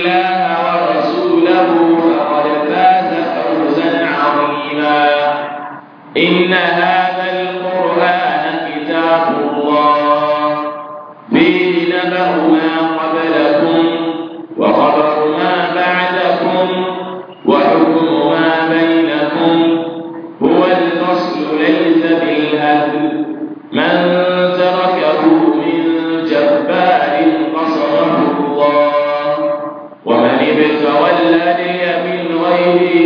لله Almighty.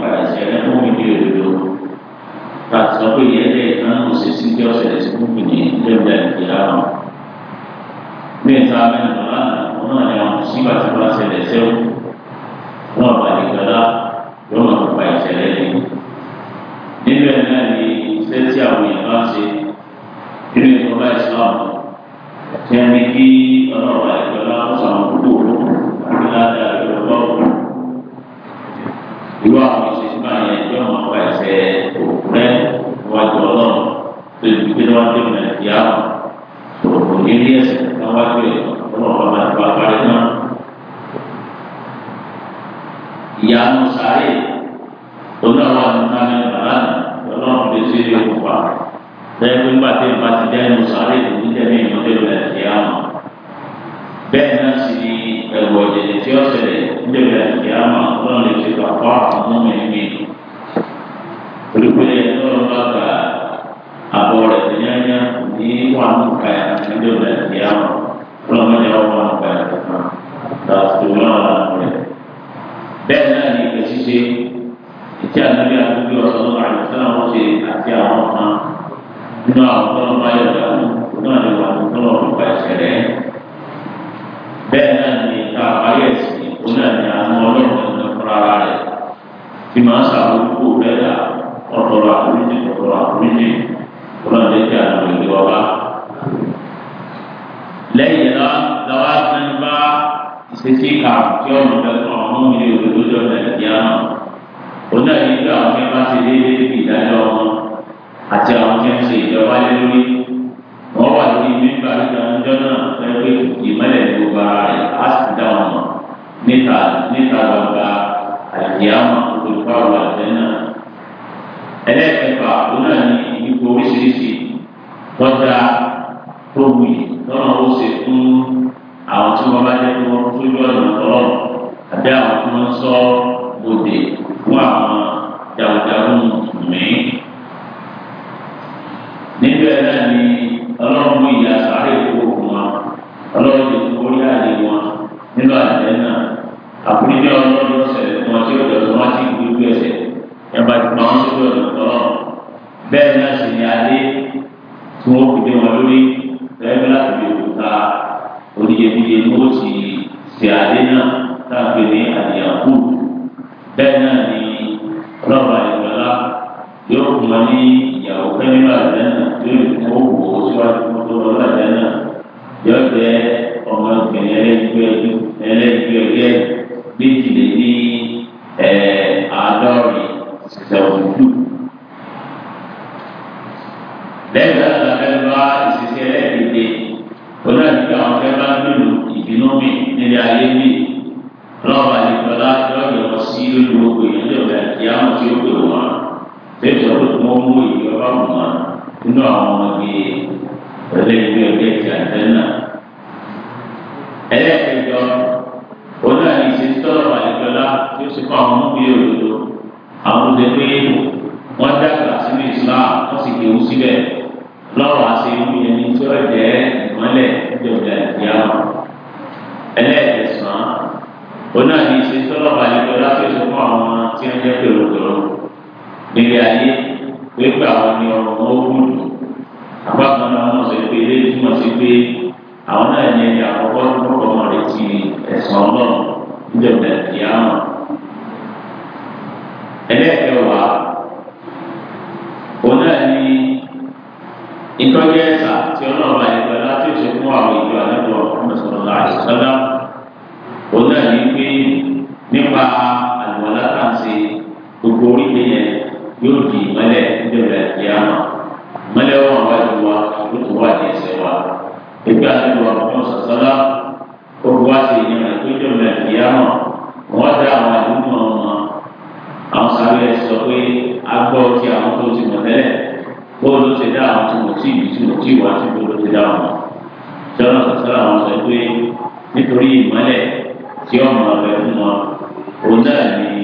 padà ṣẹlẹ̀ fún mi ní òdodo láti sọ pé ìyẹn lè kan kò sí sí kí ọ̀sẹ̀ lè ti kú kù ní lẹ́gbẹ̀ẹ́ ìyá wọn. bí ìta mẹ́rin lọ́la wọn náà ni àwọn sígbà tí wọ́n ṣẹlẹ̀ sẹ́wọ́ wọn bá lè gbọ́dá yóò máa kópa ìṣẹ̀lẹ̀ ni. níbẹ̀ náà ni iṣẹ́ tí àwọn èèyàn bá ṣe nínú ìjọba ìsìláàmù tí a ní kí ọlọ́run àìgbọ́dá ó sọ àwọn ìwà àwọn ìṣẹ̀ṣẹ̀ bá yẹn yọ ọmọ àwọn ẹ̀ṣẹ̀ òkú rẹ níwájú ọlọ́run tó ti gbé níwájú nàìjíríà òkú ní ilé ẹ̀ṣẹ̀ níwájú ẹ̀ ọlọ́run ọmọ àti bàbá rẹ náà. ìyá ń sáré onáwó àdúgbò ní bàbá ọlọ́run lè ṣe é kópa lẹ́yìn pé nígbà tí ìbá ti dẹ́ ń sáré ìdílé mi ìmọ̀lẹ́ nàìjíríà bẹ́ẹ̀ náà sì ni ẹ̀rù ọ̀jẹ̀dẹ̀ tí ó ṣẹlẹ̀ níbẹ̀ àti àmà ọlọ́run lè fi pàpọ̀ àwọn ọmọ ẹ̀mí mi. olùkọ́ni ẹ̀ lọ́rọ̀ bá gba àbọ̀ rẹ̀ tó yányá ní wà ní kàyà níbẹ̀ àti àmà ọlọ́run yà wà ní kàyà kankan láti wọ́n wà lọ́rẹ̀. bẹ́ẹ̀ náà ni ìfẹ́ ṣíṣe ìtí ànábì àdúgbò ọ̀sán àlùfáà wọn ṣe àti bẹ́ẹ̀ náà ni ká àbáyé ẹ̀sìn òun náà ni àwọn ọlọ́run ẹ̀sìn fúnra rẹ̀ tí máa ń sàbókò bẹ́ẹ̀ dà ọ̀tọ̀rọ̀ àforíjì ọ̀tọ̀rọ̀ àforíjì òun náà lè jẹ́ àwọn ìlú ọba. lẹ́yìn náà lọ́wọ́ sẹ́ni bá ìṣesí kà kí ọ̀nà ìdẹ́kọ̀ ọ̀hún mi lè wọlé lójú ọ̀nà ìdíyà náà òun náà ní ìgbà àwọn ẹ̀ wọ́n wà lórí mẹ́mbà nígbà ọjọ́ náà fẹ́ pé ìmọ̀lẹ̀ tó bá a sì dá wọn mọ̀ níta níta gbàgbà àyàmọ̀ olùkọ́ àwọn àjẹ́ náà. ẹlẹ́ẹ̀kẹfà òun náà ní ìdíkò oríṣiríṣi tọ́jà tó wù yìí lọ́nà ó ṣe fún àwọn tí wọ́n bá jẹ́ kí wọ́n tó yọ ọ̀nà tọ́lọ̀ àbí àwọn tí wọ́n sọ bòde fún àwọn jàǹdàkùn tí wàá ti gbogbo ti dá wọn. sọ́nà sọ́nà wọn sọ pé nítorí ìmọ́lẹ̀ tí ọmọ rẹ̀ fún wọn òun náà ní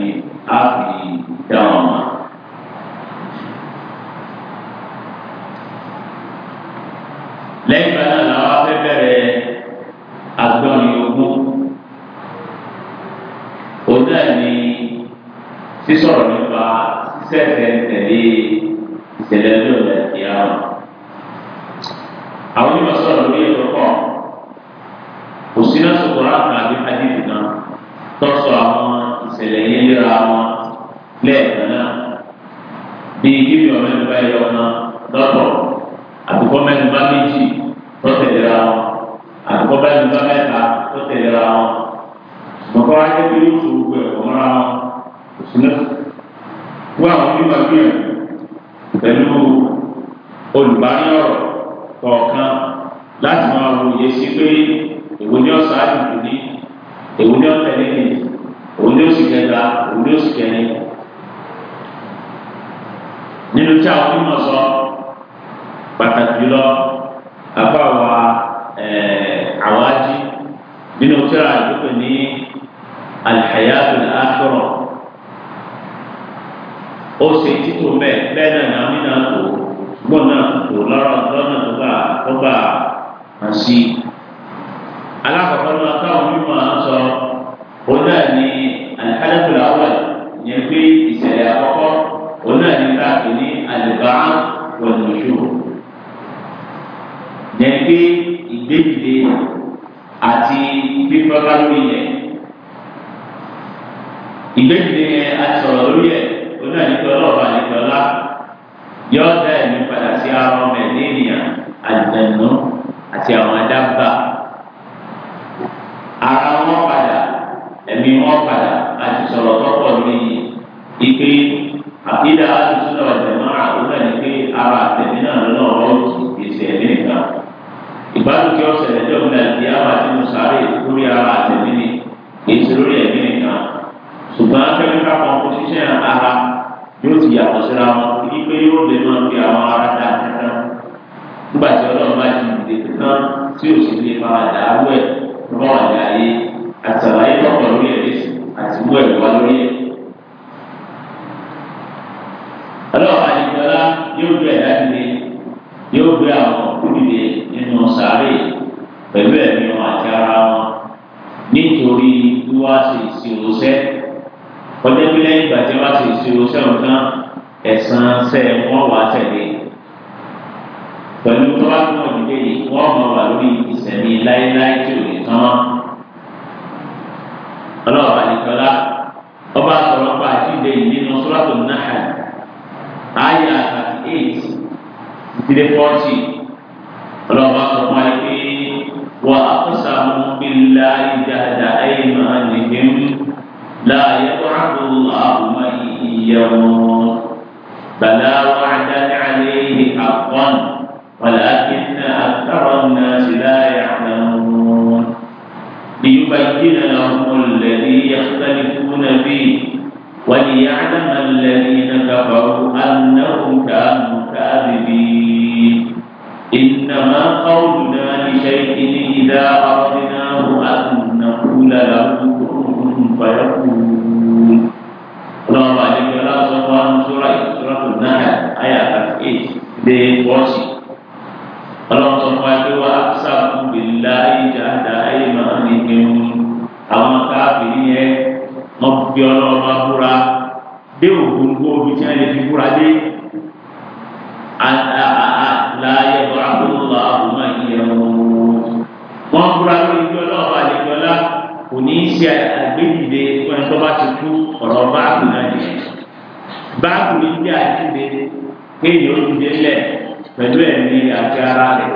pẹ̀lú ẹ̀mí àti ara rẹ̀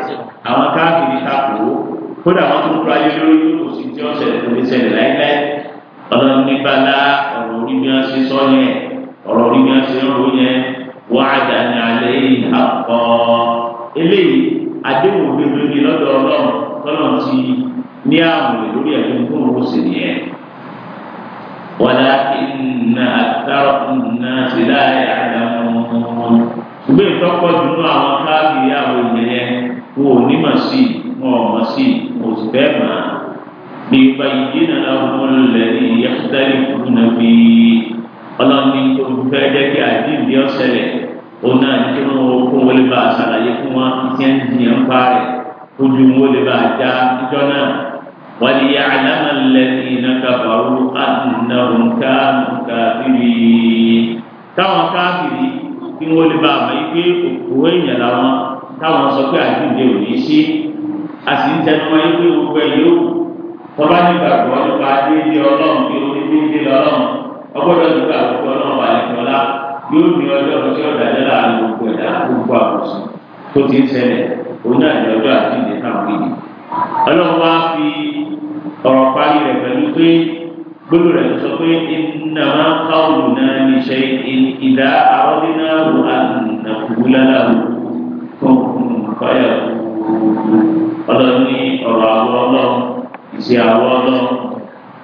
àwọn káàkiri takò ó kódà wọn tó kúrò ayé lórí tó kò sí tí ó ṣẹlẹ̀ tó fi ṣẹlẹ̀ láíláí ọlọ́run ní ọ̀rọ̀ orí bí wọ́n ṣe sọ yẹn ọ̀rọ̀ orí bí wọ́n ṣe ń ro yẹn wọ́n á alẹ́ yìí àpọ̀ eléyìí àdéhùn gbogbo lọ́dọ̀ ọlọ́run tọ́lọ̀ ti ní àwọn lórí ẹ̀jọ̀ fún òun sì nìyẹn. wọ́n dá iná àtàrọ̀ iná gbé ìtọ́pọ̀ jù lọ àwọn káàkiri àwọn ènìyàn yẹn wọn ò ní mà sí wọn ò mà sí wọn ò sì bẹ́ẹ̀ mà á bí báyìí nana wọn lẹ ní yẹtẹlẹ fún mi bí ọlọ́ni tó fẹ́ jẹ́ kí àdìdì ọ̀sẹ̀lẹ̀ òun náà ní kí wọ́n kó wọlé bá a ṣàlàyé fún wa kí wọ́n di pa rẹ̀ ojú wọn lè bá a já ìjọ náà wọ́n di yà àdámà lẹ́ni iná kàfàrú àdùnnà òǹkà òǹkà bìrì táwọn káàkiri kí wọ́n lè bá àmọ́ yìí pé òkú èèyàn làwọn táwọn sọ pé àdìdè ò ní ṣe a sì ń tẹnu wọn yìí pé gbogbo ẹ̀ yóò tọ́ba nígbàgbọ́ nípa déédéé ọlọ́run pé ó ní déédéé lọ́lọ́run ọgbọ́dọ̀ nígbà gbogbo ọlọ́run àlejòọlá yóò ní ọjọ́ ọjọ́ ìdájọ́ láàrin gbogbo ẹ̀dá gbogbo àkọsùn tó ti ń ṣẹlẹ̀ òun náà ní ọjọ́ àdìdè táwọn gbogbo rẹ̀ sọ pé iná máa ń káwùlù náà ní ṣe ìdá àwọlé náà wò ànàkùnú lálàbò fún nǹkọ́yà ọlọ́run ní ọ̀rọ̀ àwọ̀ ọlọ́run ìṣe àwọ̀ ọlọ́run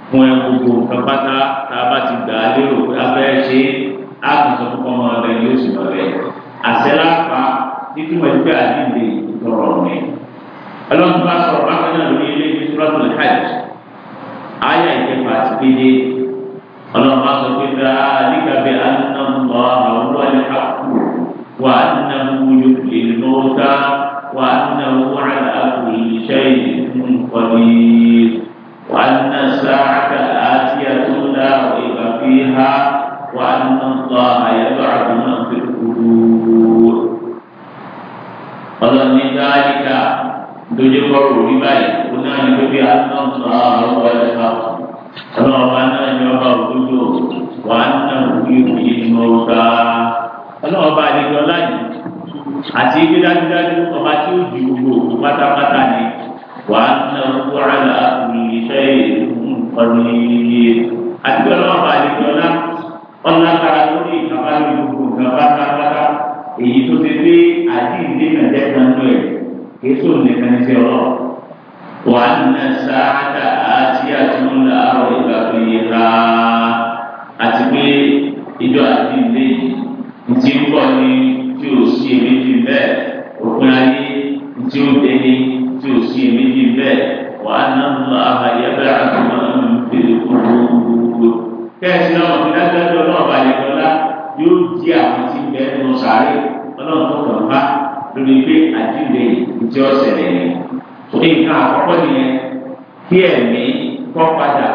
fún ẹ gbogbo nǹkan pátá tá a bá ti gbà á lérò pé a ṣe á kì í sọ fún yóò sì lọ rẹ àṣẹ lápá nítorí wọn pé àdínlé ìtọrọ rẹ ọlọ́run bá sọ̀rọ̀ bákan náà lórí ilé ìtura tó hajj ayé ìkẹfà ti kéde ọlọ́run bá sọ pé bá a nígbàgbé anamọ àwọn wọlé àkú wà á nàmú yòókè lọ́wọ́ta wà á nàmú wàhálà àkú ìṣe ìdúnkọ́ni wà nà sáàkà àti àtúndà ìgbà fi ha wà á nà lọ àyẹ̀wò àbúrò ní dáríkà dojú kọ́ òrí báyìí òun náà ní pé aláǹtà àwọn ẹ̀ka ọlọ́ọ̀bá náà ní ọba òdodo wà á nà òbí òbí ní ọgbà ọlọ́ọ̀bá àdéjọ láyé àti ibi dájúdájú ọba tí ó di gbogbo òkú pátápátá ni wà á nà òkú àlà òyìnbíṣẹ́ ìkọ̀ọ̀nì àti ọlọ́ọ̀bá àdéjọ lá ọ̀nà kára lórí ìjọba lórí gbogbo ìjọba pátápátá èyí tó ti dé àti ìdí ìrìnàjẹ́ kan lóye kí sóòlù nìkan ti ọlọ́ọ̀ وأن الساعة آتية لا ريب فيها àtìpé ìjọ àti ilé ntí ń bọ̀ ní tí ò sí èméjì bẹ́ẹ̀ òpin ayé ntí ó dé ní tí ò sí èméjì bẹ́ẹ̀ wàá ná lọ àbàyẹ́bẹ́ àtúmọ̀ ń bèrè gbogbo. kẹ́sì náà fi lágbájọ náà balẹ̀ lọ́la yóò nǹkan àkọ́kọ́ nìyẹn kí ẹ̀mí kọ́ padà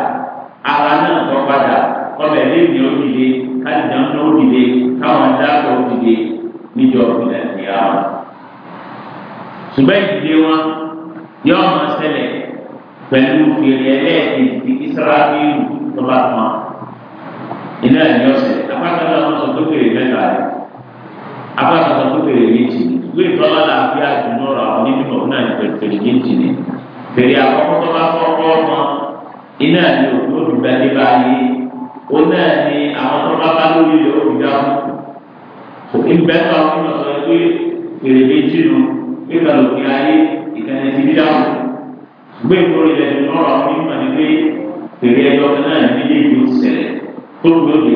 ara náà kọ́ padà ọbẹ̀ léèdì ó dìde kájìdán ló dìde káwọn dáàbò ó dìde níjọ ìpìlẹ̀ ìyá wọn. ṣùgbọ́n ìdílé wọn yọ ọmọ ṣẹlẹ̀ pẹ̀lú fèrè ẹlẹ́ẹ̀kejì ti Ísírẹ́lì tó bá pọn iná ẹ̀yọ́sẹ̀ apákan náà wọ́n sọ pé fèrè mẹ́ta rẹ̀ apákan sọ pé fèrè méjì ni ìwé ìtọ́lá là fi àjùmọ̀ ọ̀rọ̀ àwọn onímọ̀ náà ní pẹ̀lú méjì ni fèrè àkọ́kọ́ tó bá kọ́kọ́ ọmọ iná ni òkú òdùgbà dé bá yé ó náà ni àwọn tó bá bá lórí ilẹ̀ òdùgbà fún ìgbẹ́ tó àwọn ọmọ sọ pé fèrè méjì nu ìgbà lòkè ayé ìkànnì ti dídá fún gbé ìkórè ilẹ̀ ìdùnnú ọ̀rọ̀ àwọn onímọ̀ ni pé fèrè ẹjọ́ náà ní méjèèjì ó ṣẹlẹ̀ tó lórí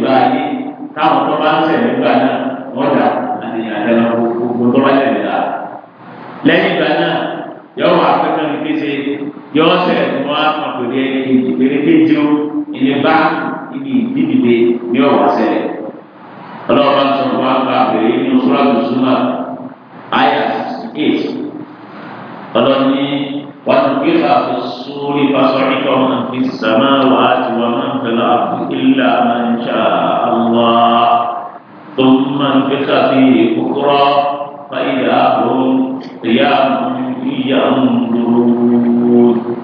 wọ́n dà àníyàn àjẹlá gbogbo tó bá tẹ̀lé la. lẹ́yìn ìgbà náà yọ wà pẹ́pẹ́ mi kése yọ ọ̀sẹ̀ tó wá kàn pé ní ìpele kéjì ó ilé bá ibi ìdíbìbè ní ọ̀wà sẹ́lẹ̀. ọlọ́wọ́ bá ń sọ fún wa gba àpèrè ní oṣooṣù àtúnṣúmọ̀ àyà eight ọlọ́ni wàtúkìlà sórí fasọ̀rìkọ̀ máa fi sàmáwá àti wàmọ̀ pẹ̀lú àbúkìlà máa ń ṣá أنفق في أخرى فإذا هم قيام ينظرون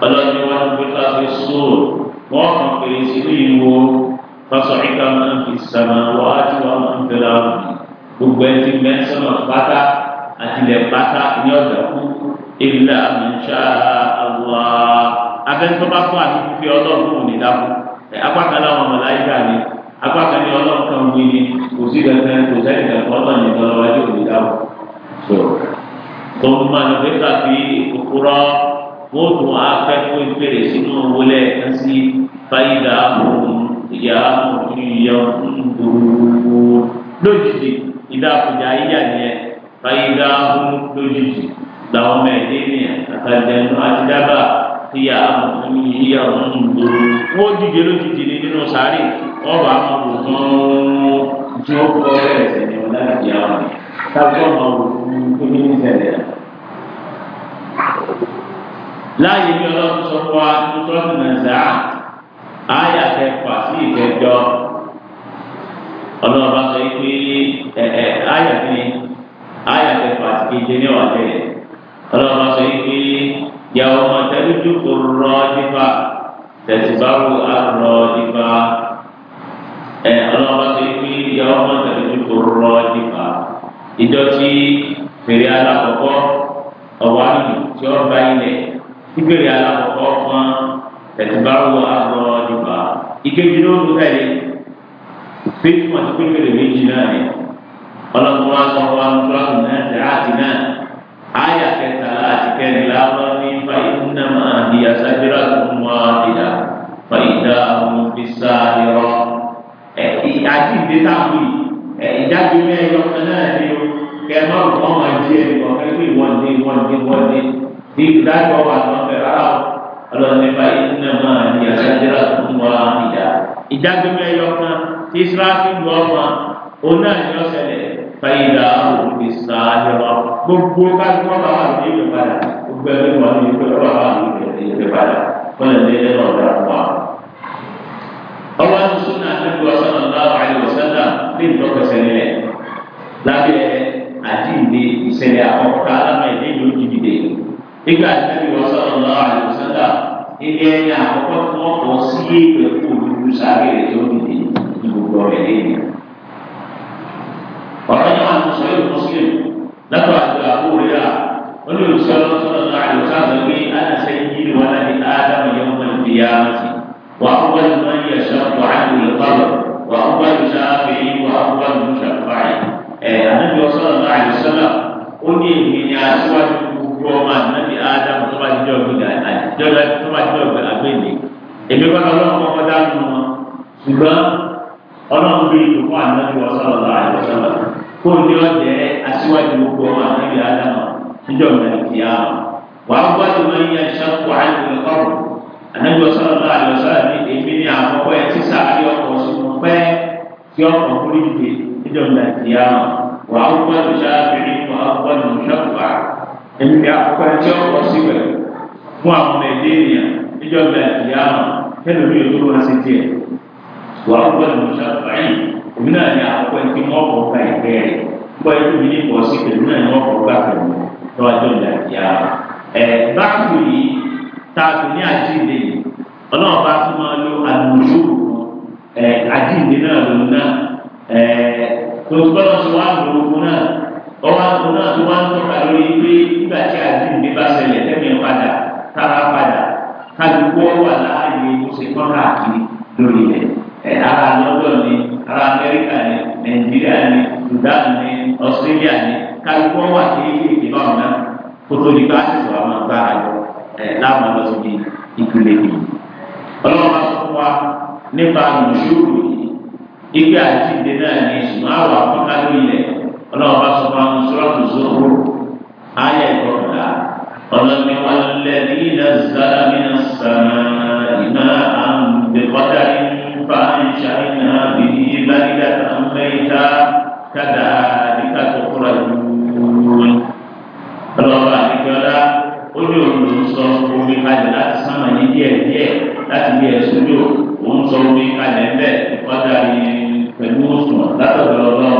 فلن ينفق في الصور وهم في سبيل فصعد من في السماوات ومن في الأرض gbogbo ẹtì mẹsàn án pátá àtìlẹ pátá ní ọjà kú ìlà àmìṣà àwòrán abẹ́ńtọ́ bá fún àti fífi ọlọ́run òní dákú apá kan láwọn ọmọ láyé gbà ní apákan ní ọlọ́run kan wí ni kò sí kankan kò sẹ́yìn kankan ọlọ́run ní tọ́lọ́wá tó kò dáwọ́ so tó ń máa lọ pẹ́ka fi òkúrọ́ wọ́n tún á fẹ́ kó ìpèrè sínú owó lẹ́ẹ̀kan sí fáyidà àmọ̀ọ́n ìyá àmọ̀ọ́n ìyá gbogbo lójijì ìdá àkùjà ayé àníyẹ fáyidà àmọ̀ọ́n lójijì làwọn ọmọ ẹ̀dẹ́ ènìyàn àtàlẹ́nu àti ìyá àmọ̀ọ́n ìyá gbogbo wọ́n dìde lójijì nínú sáré wọ́n bá máa wò fún tí ó kọ́ bẹ́ẹ̀ sì ni wọ́n láti yà wọ́n tàbí wọ́n máa wò fún tó ní ìṣẹ̀lẹ̀. láàyè bí ọlọ́run sọ fún wa ní tọ́lú nàìjíríà àyà kẹfà sí ìkẹjọ ọlọ́run bá sọ yìí pé àyà kí ni àyà kẹfà sí ìkeje ní ọ̀dẹ́ ọlọ́run bá sọ pé yàwó ọmọ tẹ́lifíṣù kò rọ ọ́ nípa tẹ̀síbáwò àrùn ọ́ nípa ẹ eh, ọlọ́wọ́ ti pé ìyá ọmọ tẹ̀lé ní kúrọ́ nípa ìjọ tí fèrè alákọ̀ọ́kọ́ ọ̀wá nìyí tí ó bá ilẹ̀ tí fèrè alákọ̀ọ́kọ́ kan tẹ̀síbáwò àgọ́ nípa ìkejì ló ń tẹ̀lé fífi wọn ti pé fèrè méjì náà ni ọlọ́wọ́ wa sọ wa ń tọ́ àwọn náà tẹ̀ áàtì náà áyà kẹtàlá àti kẹrìnlá lọ ní fàyè nàmà àdìyà sábẹ́rẹ́ àtúnwá àdìyà fàyè dá àwọn fi àti ìdésàmù ìjáde mẹ́rin ọ̀kan náà ni o kẹ́mọ́ ọ̀kan máa jí ẹni kọ̀ọ̀kan pé wọ́n dé wọ́n dé wọ́n dé ní ìdájọ́ wa lọ fẹ́rẹ́ rà ó ọlọ́ni báyìí ní ẹ̀ máa ní àdájọ́ tó ń wọ́n ìjà ìjáde mẹ́rin ni ó ṣẹlẹ̀ báyìí là òun ti sá yọrọ gbogbo kájúmọ́ bá wà ní ìlú padà gbogbo ẹni wọ́n ní ìlú padà wọ́n ní ìlú padà wọ́n lè ọwọ́ àtúnṣúná àtẹ́kù ọ̀sán ọ̀láwà àìwòsánà ní ìtọ́kẹsẹ̀ nílẹ̀ lábẹ́ àdínde ìṣẹ̀lẹ̀ àkọ́kọ́ alámọ̀ ìdí ìlú jìbìdè nígbà àtẹ́kù ọ̀sán ọ̀láwà àìwòsánà ilé ẹni àkọ́kọ́ tí wọ́n kọ́ sí èèpẹ̀ kó olùdú sáré rẹ̀ tó dìde ní gbogbo ọ̀rẹ́ lẹ́yìn. ọ̀rọ̀ yẹn wà lọ́sọ̀ yóò mọ́sílẹ̀ látọ̀ àti àbúrò rẹ̀ olùsọ̀rọ̀ sọ̀rọ̀ àìwòsánà gbé وأول من يشق عنه القبر وأول شافعي وأول مشفع النبي صلى الله عليه وسلم قل من أسود كوما النبي آدم tó bá ti jọ gbé àjọyọ̀ tó bá ti jọ gbé àgbéyé èmi kọ́ ọlọ́run kọ́ kọjá nínú wọn ṣùgbọ́n ọlọ́run bí ìdòkó ànábi wọ sọ̀rọ̀ lọ àyè sọ̀rọ̀ kó ní ọ̀jẹ̀ aṣíwájú gbogbo ọmọ ànábi ádámà níjọ́ mẹ́rin kìá wàá gbọ́dọ̀ máa ń yẹ ṣẹ́kù àyè lọ́rùn ànájọ sọ̀rọ̀ náà àjọ sọ̀rọ̀ ní èmi ní àkọ́kọ́ ẹ tíṣà ayé ọkọ̀ sínú pẹ́ kí ọkọ̀ kúrò ìdè níjọba ìdíyà wà á wọ́n tó ṣáàbìrì wà á wọ́n tó ṣàkùbà èmi ní àkọ́kọ́ ẹ tí ọkọ̀ sí wẹ̀ fún àwọn ọmọ ẹ̀dẹ́ ènìyàn níjọba ìdíyà kẹ́lẹ́ mi ò tó wọ́n sí tiẹ̀ wà á wọ́n tó ṣàkùbà yìí èmi náà ní àkọ́kọ́ ẹ tí wọ́n kọ̀ ọ̀ka ẹ̀kẹ́ rẹ̀ bọ́ ẹ̀kú mi ní pọ̀ sí pẹ̀lú náà ní wọ́n kọ̀ ọ̀ka pẹ̀lú lọ́wọ́ tààtù ní àjíǹde yìí ọlọ́run bá tún máa lo àlùjù àjíǹde náà lòun náà tó gbọ́dọ̀ tó wá lò ó náà ọwọ́ àtò náà tó wá ń tọ́ka lórí pé nígbà tí àjíǹde bá ṣẹlẹ̀ tẹ́mi padà tára padà kájúkú wà láàyè oṣù kan káàkiri lórí rẹ̀ ara lọ́dọ̀ ni ara Amẹ́ríkà ni Nàìjíríà ni Sudan ni Australia ni kájúkú wà kéékèèké náà náà kótó nípa àti ìwà máa bá a lọ láàmú lọ sí ìpìlẹ̀ yìí. ọlọ́run bá fún wa nípa nùsùrù yìí ìgbé àjíǹde náà ní ṣùgbọ́n àwọn àpáká lórílẹ̀ ọlọ́run bá sọ fún sọ́ọ̀tù sọ́ọ̀rù ayé ìkọ̀ọ̀dà ọlọ́ni wọn lẹ́ni ìdására mìíràn sàmà ìmá àǹdẹ̀kọ́dà nípa ìṣàyẹ̀nà bìí ìbáríkà tàn kàdà nípa ìlú wọn. àdìgbọ́lá ó ní òun omi kalẹ̀ láti sánmà ní díẹ̀ díẹ̀ láti bí ẹ̀sùn jò òun sọ omi kalẹ̀ ń bẹ̀ kọjá pẹ̀lú oṣù látọ̀dọ̀ lọ́wọ́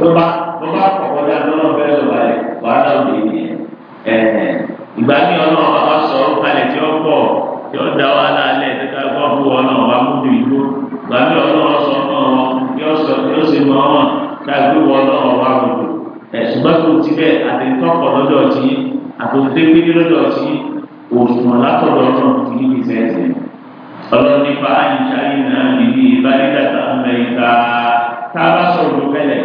tó bá tó bá kọ̀kọ́já lọ́wọ́ bẹ́ẹ̀ lọ́wọ́ rẹ̀ wàhálà òde yìí ẹ̀ ìgbà ní ọlọ́run bá wá sọ ọ́ kalẹ̀ tí ó pọ̀ tí ó da wàhálà alẹ́ tẹ́tà kọ́ fún wọn náà wà mú bí ìlú ìgbà ní ọlọ́run sọ náà yóò sì mọ́ ọ òṣùwọ̀n látọ̀dọ̀ ọ̀run kìí ní sẹ́ẹ̀sì ọlọ́run nípa àyíṣáyé náà níbi ìbánidàgbà mẹ́ta tá a bá sọ̀rọ̀ bẹ́lẹ̀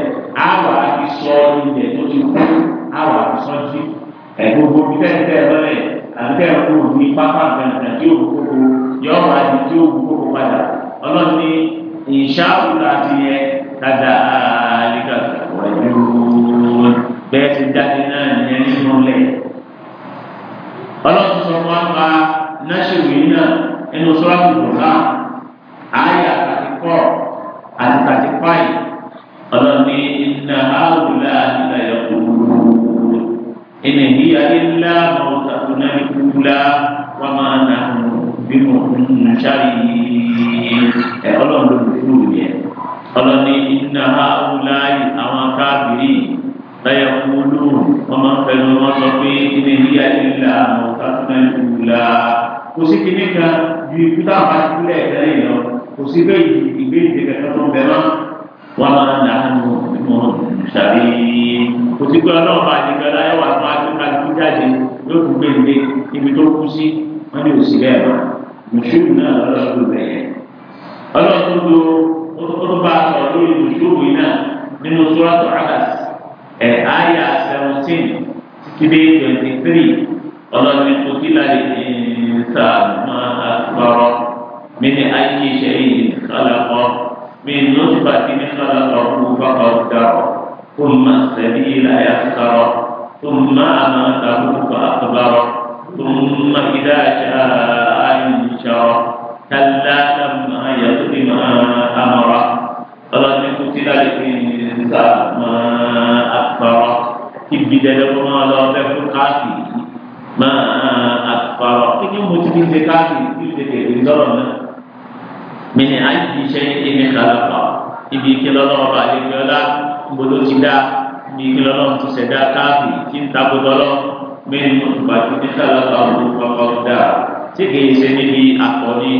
àwà àti sọ ilẹ̀ tó ti kú àwà àti sọ́jú ẹ̀gbogbo tẹ́tẹ́ lọ́lẹ̀ àtẹ̀kù ní pápá gbẹ̀ngàn tí ó gbogbo yọ wà ní tí ó gbogbo padà ọlọ́run ní ìṣáàbùlà ti yẹ dada àlìkàtà wọ́n bẹ́ẹ̀ ti jáde náà ọlọ́run sọ fún wa pa náṣẹ́wò yìí náà ẹnu sọ́ọ́tù bùrọ̀lá àyà àti kọ́ àti tàti páì ọlọ́run ní iná àwùlá nígbà yẹn kú ẹnì yíya ilá mọ̀ọ́tà tó náà kú la wà máa nà bí mo ń sáré ẹ ọlọ́run ló lù fún mi ẹ ọlọ́run iná àwùlá àwọn akáàbìrì láyà kúló wọn máa ń fẹnu wọn sọ pé ilé yíyá ìlà àwọn káfíńà ìlà kò sí kíní kan ju ikú táwọn bá ti lẹ̀ lẹ́yìn lọ kò sí bẹ́ẹ̀ ìgbé ìdè kẹta tó ń bẹ mọ́ wọn máa ń dàánú ìmọ̀ ṣàbí kò sí pé ọlọ́run bá ti gbẹ láyà wà fún akíńkà tó jáde yóò tún gbé ìdè ibi tó kú sí wọn ní òsì bẹ́ẹ̀ mọ́ mùsùlùmí náà lọ́dọ̀ ẹ àyà seventeen títí dé twenty three ọlọ́ni kòkìlá ìta máa gbọ́rọ̀ mi ní ayé iṣẹ́ yìí kálàkọ́ mi ní oṣù bàtí ní kálàkọ́ kú bàbá ọ̀dàrọ̀ kó má sẹ́ni ìlàyà sọ̀rọ̀ tó má àmà dàrú kó má ìdá àṣà àyùnṣọ̀rọ̀ kálá làmà yàtọ̀ ìmọ̀ àmọ̀rọ̀ ọlọ́ni kòkìlá ìta. الإنسان ما أكبره ibi dẹdẹ kó máa lọ ọbẹ fún káàsì máa àtùpàrọ kíkí mo ti fi ṣe káàsì tí o tètè rí lọrọ náà mi ni àyè ti ṣe ẹni kàlàpà ibi ìkìlọ náà bá lè fi ọlá gbọdọ ti dá ibi ìkìlọ náà ti ṣẹdá káàsì tí ń ta gbogbo lọ mẹ́rin mo ti bá ti ní kàlàpà òun kọkọ dá tí kìí ṣe níbi àkọni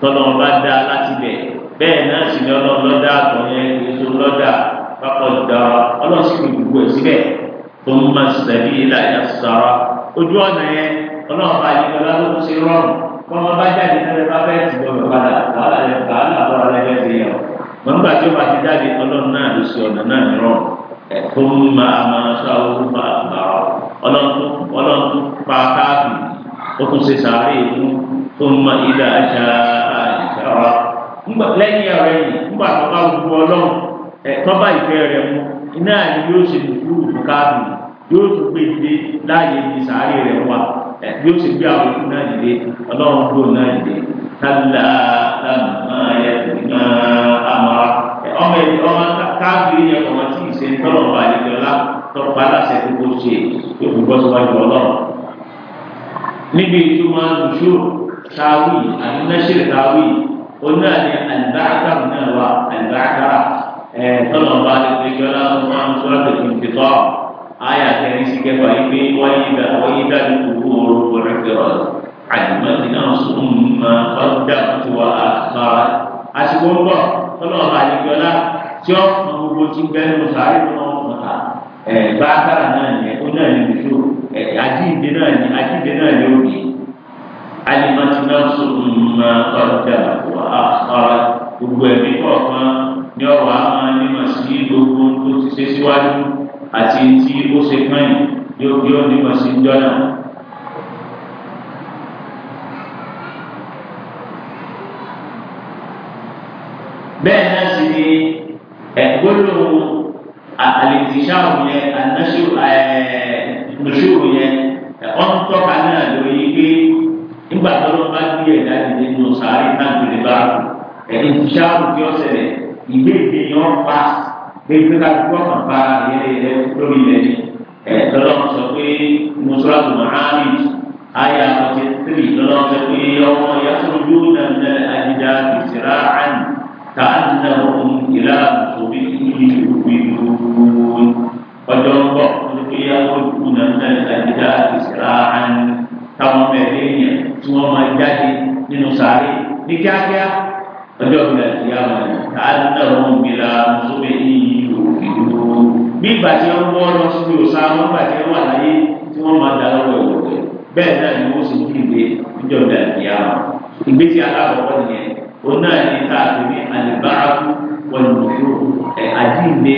tọ́lọ́ bá dá láti bẹ̀ bẹ́ẹ̀ náà sì ni ọlọ́ọ̀lọ́dá àkọni ẹ̀ kìí ṣe ọlọ́dà fàkọ̀dára ọlọ́run sì fi gbogbo ẹ̀ síbẹ̀ tó ń máa sẹ̀lí ilà ìyá sàrà ojú ọ̀nà yẹn ọlọ́run bá yìí lọ́la ló ti rọrùn kọ́ ọmọ bá jáde tẹ́lẹ̀ bá bẹ́ẹ̀ ti gbọ́ padà wàhálà rẹ̀ wàhálà bọ́ra rẹ̀ bẹ́ẹ̀ ti yẹ ọ́ mọ̀ nígbà tí ó bá ti jáde ọlọ́run náà ló ṣe ọ̀nà náà rọrùn tó ń máa máa ṣáwó máa gbà ọ́ ọlọ́run tó pa káàbì ó tún ṣe sàárè fún tó ń máa ilà àṣà àṣà rà lẹ́yìn ọ̀rẹ́ yìí nígbà tó bá gbogbo ọlọ́run tọ́ba ìfẹ́ rẹ̀ mu iná ni yóò ṣe dùkú ìlú káàbù yóò tún gbé ìdílé láàyè ní sàárè rẹ̀ wá yóò ṣe gbé àwọn ìlú náà dìde ọlọ́run tó náà dìde kálá lánàá yẹ kùnà àmàrà ọmọ ẹni ọmọ káàbù yẹ kọ̀mọ́ tí ì ṣe tọ́lọ̀ bá yẹ lọ́la tọ́pa aláṣẹ tó kó ṣe yóò fi bọ́ síwájú ọlọ́run. níbi ìtumọ̀ lùṣù táwí àti táwí onáà ni àlùbáàkà náà wà àlùbáàkà tọ́lọ̀ ń bá tètè kí ọlá ń máa ń tó láti fi ti tọ́ àyà kẹrin sí kẹfà yìí pé wáyé dá wáyé dá ní kúkú ooru pẹ̀lú kẹrọ àdìmọ́ ti náà sùn mọ́ ọjà tó wà á bára. àsìkò ń bọ̀ tọ́lọ̀ ń tí ó mọ gbogbo ti gbẹ́ nínú sàárè tó náà mọ̀ ká. bá a náà ní ẹ̀kọ́ náà ọjà wà á bára gbogbo ẹ̀mí kọ̀ọ̀kan ní ọ̀rọ̀ àwọn onímọ̀ sí gbogbo tó ti ṣe síwájú àti tí ó ṣe pẹ́yìn yóò bí onímọ̀ sí ń jọ́nà. bẹ́ẹ̀ náà sì ni ẹ̀gbọ́dọ̀ àlètìṣáwò yẹn ànáṣòwò yẹn ọ̀n tọ́ka náà lórí pé nígbà tó ló bá gbé ẹ̀dá ìdíje nù sáré náà gbèrè bá ẹ̀dìṣáwò tí ó ṣẹlẹ̀ ìgbé ìgbé ni wọ́n pa gbégbé ká gbọ́ kàn bá ìyẹ́lẹ́ lórí ilẹ̀ ni ẹ̀ lọ́lọ́run sọ pé mùsùlùmí muhammed ayé àkọsí tírì lọ́lọ́run sọ pé ọmọ yasọ̀ yóò nà àdìjà ìṣẹ̀rá àná tààdìjà òun ìlà òbí ìlú ìlú ọjọ́ ń bọ̀ pé yasọ̀ yóò nà àdìjà ìṣẹ̀rá àná táwọn mẹ́rin yẹn tí wọ́n máa jáde nínú sáré ní kíákíá ọjọ́ ìgbà tí a mọ̀ káàdùn gbìlà sóbẹ̀ yìí òkèlú. bí ìgbà tí wọ́n bọ́ lọ sí òsà wọn gbà tí wọ́n wà láyé tí wọ́n máa da lọ́wọ́ ìwọ̀ rẹ̀ bẹ́ẹ̀ náà ni wọ́n sì kí ìgbé ọjọ́ ìgbà tí a mọ̀. ìgbésí aláwọ̀ nìyẹn òun náà ní káàkiri àlìbáàkú wọlé òṣù ẹ̀ àdínde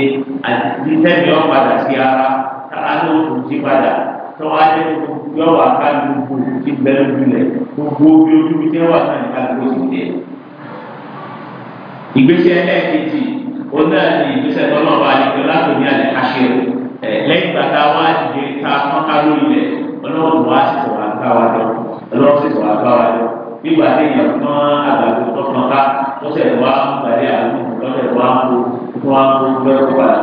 àdìtẹ́mi ọ̀padà sí ara tàà ló kù sí padà tọ́wọ́ adé yọ̀wọ̀ àkàlù gbogbo ti bẹ̀rẹ̀ gbogbo bí ojú mi tẹ́wọ̀ àkàlù gbogbo ìgbésẹ̀ ẹlẹ́ẹ̀kejì ó náà ní ìgbésẹ̀ tọ́lọ̀ bá nìkan láti ní alẹ́ àṣẹ ẹ̀ lẹ́yìn bàtà wá dìde ká mọ́ká lórí rẹ̀ ọlọ́run wá sì sọ̀rọ̀ àgbà wa lọ ọlọ́run sì sọ̀rọ̀ àgbà wa lọ nígbà tí èèyàn kan àgbàdo tó ká tó sẹ̀ wá ń gbàdé àlùkò lọ́sẹ̀ wá ń kó wá ń kó gbẹ́rù kó padà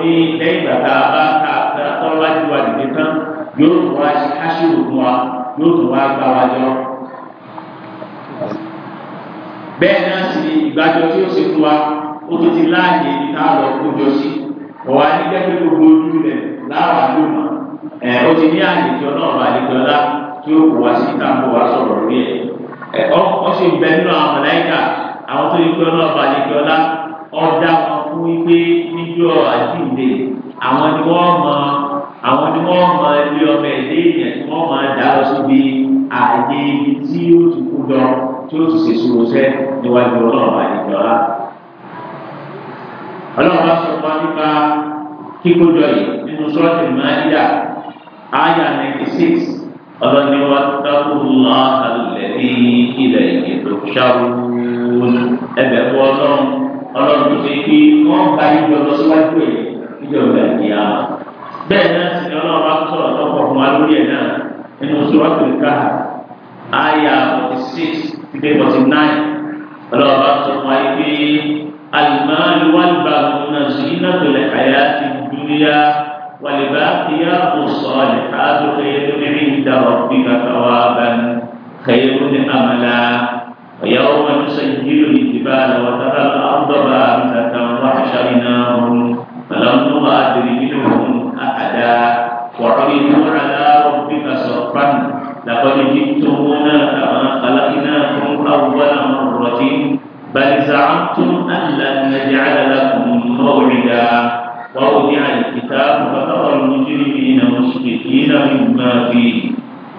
ní lẹ́yìn bàtà bá ká bẹ́ẹ̀ náà sì ni ìgbàjọ tí ó ṣe fún wa ó tó ti láàyè ní káàlọ́ kójọ sí ọ̀wá ní gẹ́gẹ́ gbogbo ojú rẹ̀ láwàá ló mọ̀ ẹ̀ ó ti ní àyèjọ náà bá àyèjọ lá tí ó kù wá sí káàkó wá sọ̀rọ̀ lórí ẹ̀ ọ sì bẹ nínú àwọn mọ̀láìkà àwọn tó yẹ kí ọlọ́ọ̀ bá àyèjọ lá ọ̀dà wọn fún wípé níjọ́ àjíǹde àwọn ni wọ́n mọ àwọn ni wọ́n mọ ilé ọmọ ẹ̀dẹ́ èèyàn tí wọ́n mọ dá lọ síbi àyè ibi tí ó ti kú lọ tí ó sì ṣe sùúrù sẹ́ níwájú ọlọ́run àdìjọ rà. ọlọ́run bá sọ wá nípa kíkójọ yìí nínú sọ́ọ̀tì máyà áyà ninety six ọlọ́ni wa dákú lọ́ àlẹ́ ní ilẹ̀ ìgbèdò ṣáwùún ẹ̀bẹ̀ fún ọlọ́run ọlọ́run tó ṣe kí wọ́n ka ìjọ lọ síwájú ẹ̀ ìjọba ìyá bẹ́ẹ̀ náà sì ni ọlọ́run bá sọ̀rọ̀ lọ́pọ̀ fún wa lórí ẹ̀ náà nínú sọ́ọ̀tì káà áyà forty six pípé forty nine ọlọ́wọ́ bá sọ fún ayé pé alimami wàlúbà múná sí iná pẹ̀lẹ́ àyà ti dúnyá wàlúbà ìyá kò sọ ọ̀lẹ̀ káàdó kẹyẹ tó kẹyẹ ń da ọ̀bí kàkà wà bẹ́ẹ̀ kẹyẹ ó ní amala ọ̀yà ó wọn sọ ìdílé ìdìbà lọ́wọ́ tábà lọ́wọ́ bá mi kàkà wà ṣàbìnà ọ̀hún ọ̀làmúwà àdìrí nínú ọ̀hún àkàdá wàhálà ìdúró àlá. لقد جئتمونا كما خلقناكم أول مرة بل زعمتم أن لن نجعل لكم موعدا ووضع الكتاب فترى المجرمين مشركين مما فيه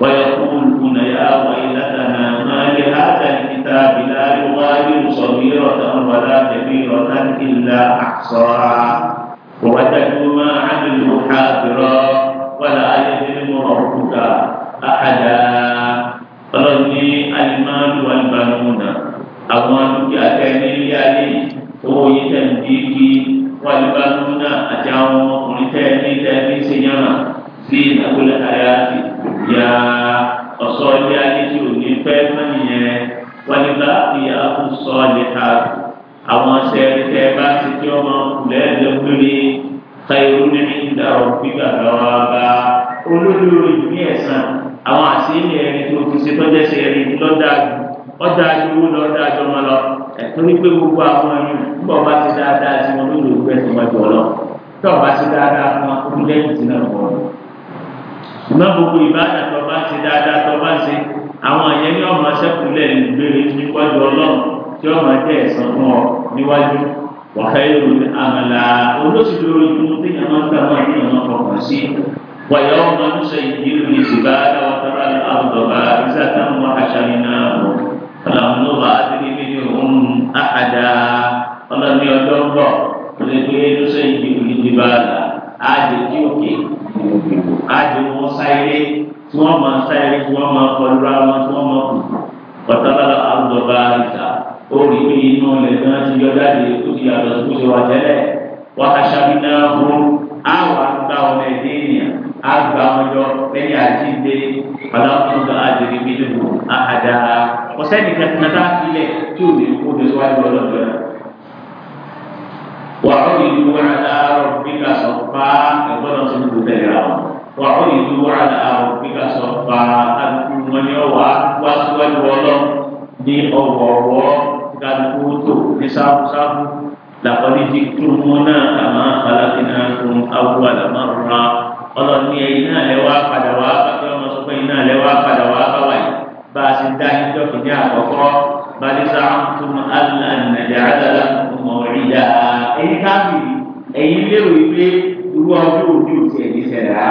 ويقولون يا ويلتنا ما لهذا الكتاب لا يغادر صغيرة ولا كبيرة إلا أحصاها ووجدوا ما عملوا حافرا ولا يظلم ربك àhàdà ọlọ́run ní alimọ́lù alibanuna àwọn dúkìá tẹ ní ilé ayé owó yìí tẹ̀ ní ibi wọn alibanuna àti àwọn ọmọkùnrin tẹ̀ ní tẹ̀ ní sèyàmà sí ìnáwó ayá ìyá ọ̀sọ́ ilé ayé tí ò ní fẹ́ mọ́nìyẹn wọn ni bá ìyá kò sọ ọ́ ta àwọn sẹ́ẹ̀rì tẹ́ bá ti kí ọmọ kùlẹ̀ lẹ́gbẹ̀rẹ́ kẹrù ní ìdá òbí gbàgbọ́ wa bá olódò ìpín ẹ̀sán àwọn àṣìlẹ̀ ẹni tó ti ṣe tọ́jẹ́ ṣe ẹni lọ́dà ọjà owó lọ́dà àjọmọ lọ ẹ̀tọ́ ní pé gbogbo àwọn ẹni nígbà ọba ti dáadáa sí wọn lórí òkú ẹ̀sìn wájú ọlọ tí ọba ti dáadáa fún wọn kó lẹ́yìn sí náà wọ́n. ìmọ̀ gbogbo ìbáàdà tó bá ti dáadáa tó bá ṣe àwọn ẹ̀yẹ́ ní ọmọ ṣẹ́kùlẹ̀ ìgbèrè níwájú ọlọ́run tí ọmọ jẹ́ ẹ̀sán fún ọ níwájú wọ̀kẹ́ ìròyìn àmàlà olóṣèlú orí ìdúró ويوم نسير الجبال وترى الأرض بارزة وحشرناهم فلم نغادر منهم أحدا فلم يدر لكي نسير الجبال àjèjì òkè àjè wọn sáyé tí wọn máa sáyé tí wọn máa kọlu àwọn tí wọn máa kù ọ̀tọ́lá àwùjọba ìta ó rí pé inú ilẹ̀ náà ti yọ jáde tó ti yàtọ̀ tó ti wà àgbà wọn jọ lẹ́yìn àjíǹde ọlọ́mọdé àjèrè mílíọ̀nù àhàdà ọ̀sẹ́ni kẹtìmẹ́ta ilẹ̀ tí ò lè kó tẹ̀síwájú ọlọ́dọ̀ rẹ̀. وعرضوا على ربك صفا كبر صدق تيرا وعرضوا على ربك صفا أنتم ونيوا وأسود ولم ni ọwọwọ galukutu ni sáfúsáfú làkọ́ni ti túmọ̀ náà àmọ́ alákìnnà tún awúwàlámọ́ra ọlọ́ni ẹ̀yin náà lẹ wá padà wá bàtí ọmọ sọ pé ẹ̀yin náà lẹ wá padà wá bá wáyé bá a ti dá níjọ́ kìíní àkọ́kọ́ balisa tún alànàjà àdàlà mọ̀ọ́rìyà ẹ̀yin káàkiri ẹ̀yin lérò ìgbé irú ọjọ́ òbí òtí ẹ̀yin ṣẹlẹ̀ á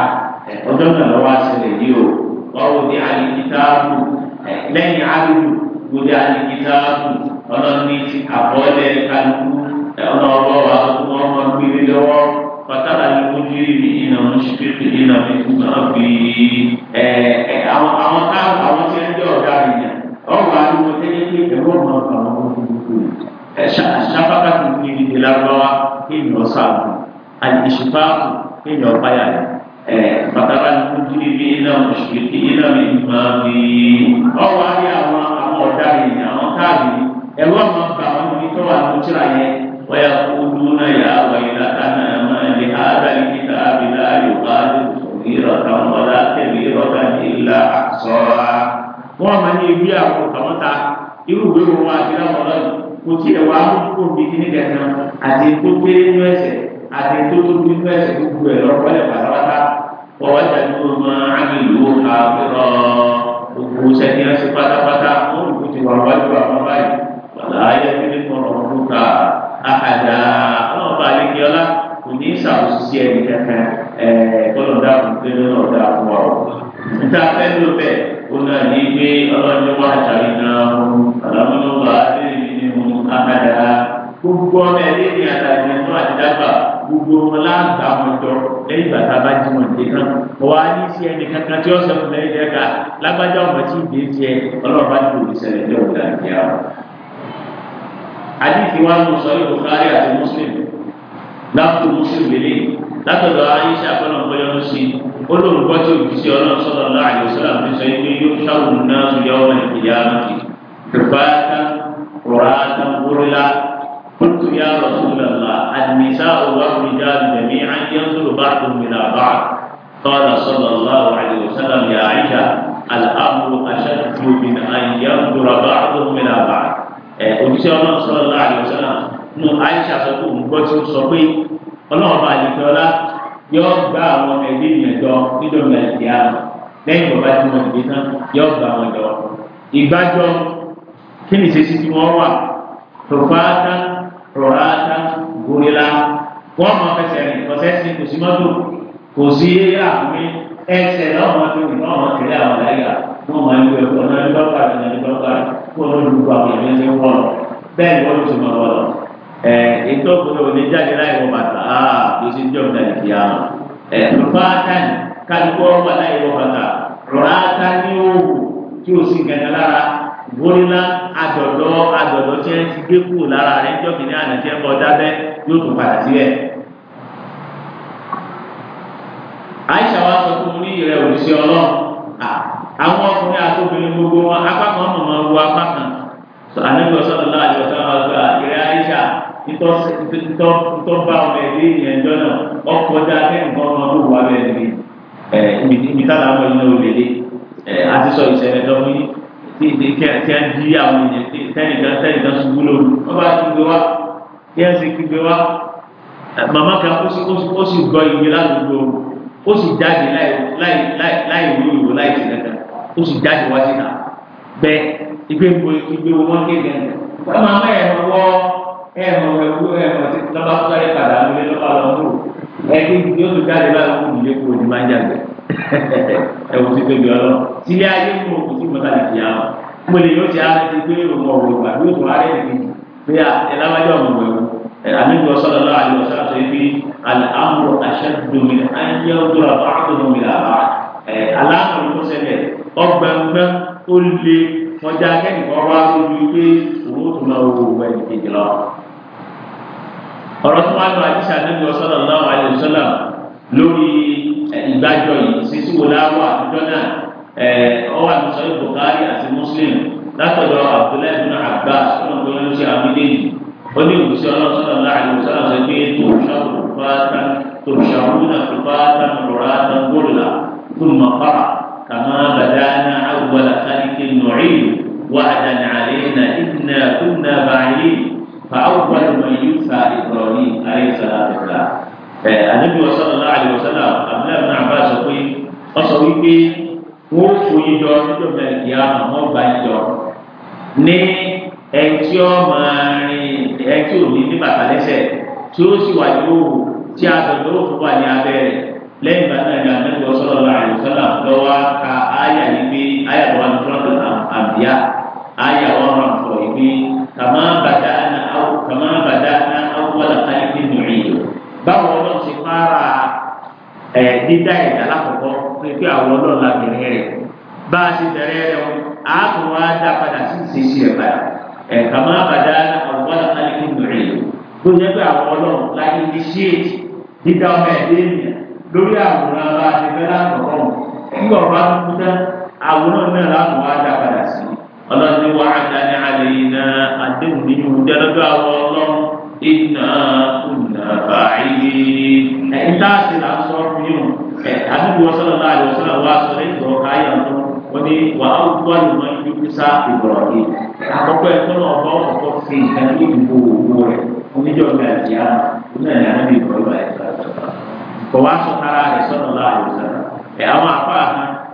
ọjọ́ náà lọ́wọ́ àṣẹlẹ̀ yìí o ọ̀rọ̀ ní alìkítàbù lẹ́yìn alìlù gbòdì alìkítàbù ọlọ́ni ti àbọ̀ọ́lẹ̀ فترى المجرمين مشفقين مما فيه àwọn àwọn káàkiri àwọn tí ń jẹ ọ̀dà nìyẹn ọ̀rọ̀ àdúgbò tẹ́lẹ̀ ní ẹ̀rọ ọ̀nà àwọn ọmọ ṣàpàkà tó ní ìdílé lárúbáwá kéèyàn ọ̀sàbù àìsífààkù kéèyàn ọ̀páyà فترى المجرمين مشفقين مما فيه ọ̀rọ̀ àdí àwọn àwọn ọ̀dà nìyẹn àwọn káàkiri ẹ̀rọ ọ̀nà àwọn ọmọ ìtọ́wà ló tíra yẹn wọ́n yà kó dúró náà yà wọ̀ يبالغ صغيرة ولا كبيرة إلا أحصاها wọ́n máa ní ewì àwọn kàwọn ta irú ìwé wọn wá sí láwọn ọlọ́run kò tí ẹ̀ wá kó bí kíní gẹ̀ẹ́nà àti tó kéré nínú ẹ̀sẹ̀ àti tó tóbi nínú ẹ̀sẹ̀ gbogbo ẹ̀ lọ́kọ́ ẹ̀ pátápátá ọwọ́ tàbí wọn máa ń lò ó ká fẹ́rọ gbogbo sẹ́ni ẹ̀sẹ̀ pátápátá wọ́n kò ti ní í sí ẹnì kankan Eh, kọlọ̀ dáàbò pé lọ́nà ọ̀dà fún wa o. níta fẹ́ ló bẹ̀ ó náà ní pé ọlọ́dún wà sàrí náà àlámúlò wà á lè rí nínú àkàdá gbogbo ọmọ ẹ̀ léyìn àtàlẹ́ nínú àti dábà gbogbo ọmọ láǹtà wọn jọ lẹ́yìn ìgbà a bá jí wọn dé náà wà á ní sí ẹnì kankan tí ó sọ fún lẹ́yìn lẹ́ka lágbájá ọmọ tí ìdè tiẹ̀ ọlọ́run bá ti lòdì sẹ́lẹ̀ lẹ́wọ̀n dàbí dáàbò mùsùlùmí lè látọ̀dọ̀ ayéṣe àfọlọ́n bọ́yọ́nù sí olórúkọ tí òkìsí ọlọ́run sọ̀rọ̀ láàyè sọ́lá fi sọ pé yóò ṣàwùn náà tó yọ ọmọ ìdíyà lọ́kì rìpáyàtà rọ̀ráàtà wúrúlá kúntù yá rọ̀túlọ̀lá àdìmísà òwà òrìjà lẹ́mí àyẹ̀ntúrò bá tòmìnà bá tọ́lá sọ̀rọ̀ láwọ̀ àyè sọ́lá yà áyà àlàámù àṣàtúwò bìn àyẹ̀ntúrò bá tòmìnà bá nù Aisha sọ pé òun gbọ́ tí ó sọ pé ọlọ́run bá àlejò ọlá yóò gba àwọn ọmọ ẹgbẹ́ ìyẹn jọ nídọ̀gbà ìdí àrùn lẹ́yìn ìjọba tí wọ́n dìde tán yóò gba àwọn jọ. ìgbàjọ kí ni ìṣesí tí wọ́n wà rọ̀fáàtà rọ̀ráàtà gòrìlà wọ́n máa fẹsẹ̀ rìn kọ́sẹ́ sí kò sí mọ́tò kò sí yéyà mi ẹsẹ̀ lọ́wọ́ tó rìn lọ́wọ́ tẹ̀lé àwọn àlàyé wọ́n máa ń lo ẹ̀kọ́ náà ní bá pàdé náà ní bá pàdé kó ló lù ẹ ètò òkúta òní jáde láì wọ bàtà á kò sí jọ ọ̀dà ìkí àná ẹ rọ̀bá tán kálukọ́ wà láì wọ bàtà rọ̀bá tán ní òwò tí o sì gẹ̀gẹ̀ lára gbórílá àdọ̀dọ̀ àdọ̀dọ̀ tí ẹ ti gbé kúrò lára rẹ jọ kìíní àná tí ẹ kọ́ dábẹ́ yóò tún padà sílẹ̀. àìsà wa sọ fún mi ní ìrẹ̀ òṣìṣẹ́ ọlọ́run àwọn ọkùnrin àti obìnrin gbogbo wọn apá kan mọ̀ mọ́ wo apá kan. àníbi ọ̀sán lọ́la àti ọ̀sán lọ́la ìrẹ̀ àìsà ntọ́ bá ọmọ ẹ̀dẹ́ yẹn jọ náà ọkọ̀ ọjà kẹ́kọ̀ọ́ ọmọ ọdún wà bẹ́ẹ̀ ni ẹ̀ ibi tá làwọn ọmọ yìí náà lè dé ẹ̀ àti sọ ìṣẹ̀lẹ̀ tó ní tí ìdí kí a di àwọn ènìyàn tẹ́nìkan tẹ́nìkan ṣubú lóru wọ́n bá ti gbé wá kí ẹ sì gbé wá màmá kan ó sì ó sì gbọ́ ìwé ládùúgbò ó sì jáde láì wú ìwò láì sí kankan ó sì jáde wá síta bẹ́ẹ̀ ìgbé wo ìgbé wo wọ́n kéde ẹ̀ ẹ mọ ẹwú ẹ mọ sí lọba sáré padà nílé lọba lọ mú ẹ kí yóò tó jáde láti kú ìdílé kúrò ní máa ń jáde ẹ wò sí pẹ̀lú ọlọ sílé ayé mú òkú sí mọta lè fi hàn mo lè yóò ti ara ti gbé òun ọ̀rọ̀ ìgbà yóò tó ara ẹ nìyí pé ẹ lábàjọ ọmọ ìwé wò ẹ àmì ọsọlọ lọ àyè ọsọlọ sọ ebi àmọ aṣáájúdomi ayé ọdún àbá àtọdún mi làbá ọ̀rọ̀ tó wá lọ àdìsá níbi ọ̀sán ọ̀nà àdìsọ́là lórí ìgbàjọ yìí sísí wò láwà àtijọ́ náà ọwọ́ àdìsọ́ Bukhari àti Muslim látọ̀dọ̀ Abdullahi bin Abbas ọlọ́gbọ́n ló ṣe àwọn méjèèjì ó ní ìwòsí ọlọ́sọ̀rọ̀ láàrin ìwòsàn sọ pé tòṣàwùnà fipáàtà rọ̀ràtà gbòòlà fún mọ̀páà kàmá bàdánà àwòlà فأول من ينسى إبراهيم عليه الصلاة والسلام النبي صلى الله عليه وسلم أبلا ابن عباس يقول أصوي بي wọ́n fún yín jọ níjọ́ bẹ̀rẹ̀ kí á mọ̀ wọ́n bá yín jọ ní ẹtí ọmọ rin ẹtí òní ní bàtà lẹ́sẹ̀ tí ó sì wà yóò tí a sọ yóò fún wa ní abẹ́rẹ́ lẹ́yìn bá náà ní amẹ́tí ọ̀sọ́rọ̀ la àyùsọ́là lọ́wọ́ ka àyà yìí pé àyà wà ní fúlọ́tò àbíyá àyà wà ní fúlọ́ yìí pé kàmá bàtà kàmá bàdá awọ́lá káyọ̀dé nìyí lò báwo ló ti fara ẹ̀ dídá ẹ̀dá lákòókò pé àwọn ọlọ́run lábìrin rẹ̀ bá a ti bẹ̀rẹ̀ rẹ̀ wọn a kò wá dá padà sí ìṣesí rẹ̀ padà ẹ̀ kàmá bàdá awọ́lá káyọ̀dé nìyí lò tó yẹ pé àwọn ọlọ́run láyé ní ṣéèjì dídá ọmọ ẹ̀dẹ́ ènìyàn lórí àwòrán bá a ti fẹ́ lákòókò nígbà wọn bá tó kú tán àwòrán náà láwọn wá dá padà sí i ọlọ́ni wà á dání àlẹ́ iná àdéhùn nínú jẹ́lọ́dọ̀ àwọn ọlọ́run iná kùnà báyìí. ẹ̀yin tá a ti là ń sọ fún yìí ẹ̀ àdúgbò sọ̀rọ̀ náà àdúgbò sọ̀rọ̀ wá sọ̀rọ̀ ìgbọ̀ káyà tó wọ́n ní wà á wù wá lùmọ́ ìlú kíṣà ìgbọ̀rọ̀ yìí. àkọ́kọ́ ẹ̀ tó náà bá ọ̀kọ́ fi nǹkan ìdìbò òwò rẹ̀ oníjọ́ mi àti àná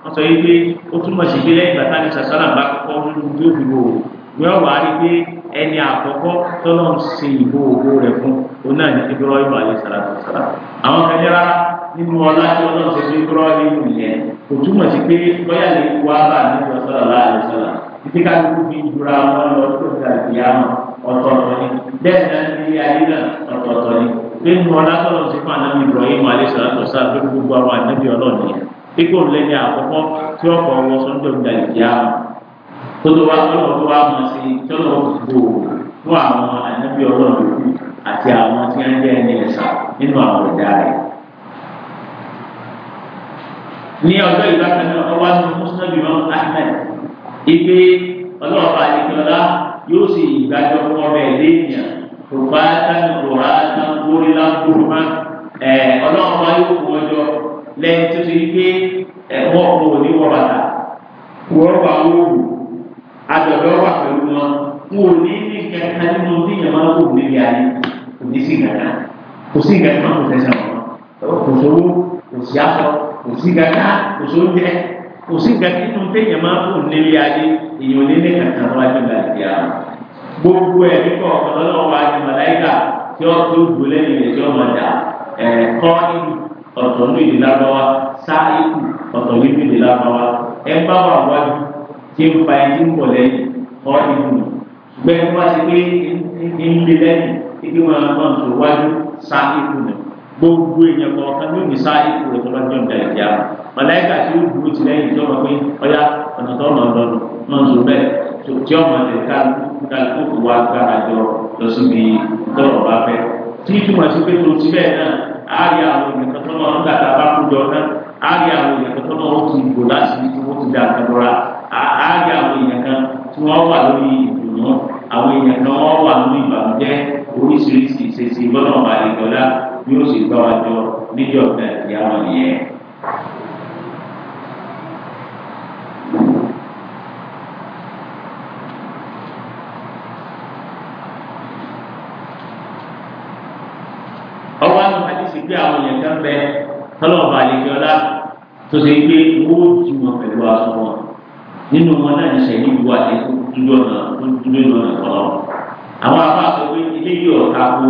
wọ́n sọ yìí pé ó túmọ̀ sí pé lẹ́yìn bàtà ní sàṣàlà bá kọ́kọ́ lójú tó fi wò ó wọ́n wà á rí pé ẹni àkọ́kọ́ tọ́lọ́ ń ṣe ìbò ògo rẹ̀ fún òun náà ní Ibrahim alayhi salatu wassalam àwọn kan ní rárá nínú ọlá tí ọlọ́run ṣe fún Ibrahim yẹn kò túmọ̀ sí pé bóyá lè wá bá níbi ọ̀sán ọ̀la àlùsọ̀la títí kálukú fi jura wọn lọ tó ga ìyáàmù ọ̀tọ̀ọ̀tọ̀ ni bẹ́ẹ̀ náà ní ilé ayé náà ọ̀tọ̀ọ̀tọ̀ ni pé nínú ọlá tọ́lọ́run ṣe fún ànábì Ibrahim ikú lẹni àkọ́kọ́ tí ọkọ wọ sọńdọ ń dalẹ kíá tó tó wá tọlọ tó wá mọ sí tọlọ gbò fún àwọn ànábì Ọlọ́run àti àwọn tí wọn jẹ ẹni ẹsà nínú àwọn ẹ̀dá rẹ̀. ní ọjọ́ ìbákan náà ọwọ́ àwọn mùsùlùmí wọn ahmed ipe ọlọ́ọ̀bà àdìgbọ́lá yóò sì ìgbàjọ fún ọmọ ẹ̀dẹ́ ènìyàn kò bá tánù kò rà tánù kórìíra kúrúmá ọlọ́ọ̀bà yóò kú ọjọ́ lẹ́yìn tó ti rí pé ẹ̀wọ́ kò ní wọ bàtà wọ́n bá wọ́n wù àjọ̀dọ̀ wà pẹ̀lú wọn wọn ò ní ní kẹta nínú níyàn máa wò níbi ayé kò ní sí gàdá kò sí gàdá máa kò tẹ̀sán wọn kò sówó kò sí aṣọ kò sí gàdá kò sóúnjẹ kò sí gàdá nínú téèyàn máa wò níbi ayé èèyàn ní ní kàtà wọn ti gbà gbogbo ẹ̀ nípa ọ̀pọ̀lọpọ̀ wa ni màláìkà tí wọ́n tó ọ̀tọ̀ ní ìdílé àbáwá sáíkù ọ̀tọ̀ ní ìdílé àbáwá ẹ bá wà wájú tí ń fa ẹni ń bọ̀ lẹ́yìn ọ́ ìlú gbẹ́ni wá sí pé ń lé lẹ́yìn ibi wọn náà tó wájú sáíkù nà gbogbo èèyàn kọ̀ọ̀kan ló ní sáíkù rẹ̀ tó bá jọ̀ ní ẹ̀jẹ̀ àwọn mọ̀lẹ́kà tí ó dúró ti lẹ́yìn tí ọmọ pé ọ̀yá ọ̀nà ọ̀nà ọ̀dọ́nù náà tó bẹ́ẹ̀ tí ọmọ lè ká kálukú wá gbára jọ lọ síbi tọrọ bá fẹ́ tí túmọ̀ sí pé tó ti bẹ́ẹ̀ náà á rí àwọn ìyẹ̀kọ́ tó lọ́wọ́ nígbà tá a bá kú jọ náà á rí àwọn ìyẹ̀kọ́ tó lọ́wọ́ ti gbò láti ní kí wọ́n ti dà kẹ́kọ̀ọ́ra á rí àwọn ìyẹ̀kan tí wọ́n wà lórí ìdùnnú àwọn ìyẹ̀kan wọ́n wà lórí ìbànújẹ́ oríṣiríṣi ìṣesí bọ́lá ọ̀bàlẹ̀ ìjọba yóò sì gbá wa jọ níjọ́ ìyá wọn nìyẹn. pé àwọn yẹn kan bẹ tọ́lọ́ọ̀bà àlejò ọlá tó ṣe pé owó jù wọn pẹ̀lú aṣọ wọn nínú wọn náà ní sẹ́yìn ìwú àti dúdú ọ̀nà dúdú ọ̀nà kọ̀ọ̀ àwọn afá sọ pé ilé yìí ọ̀ka kó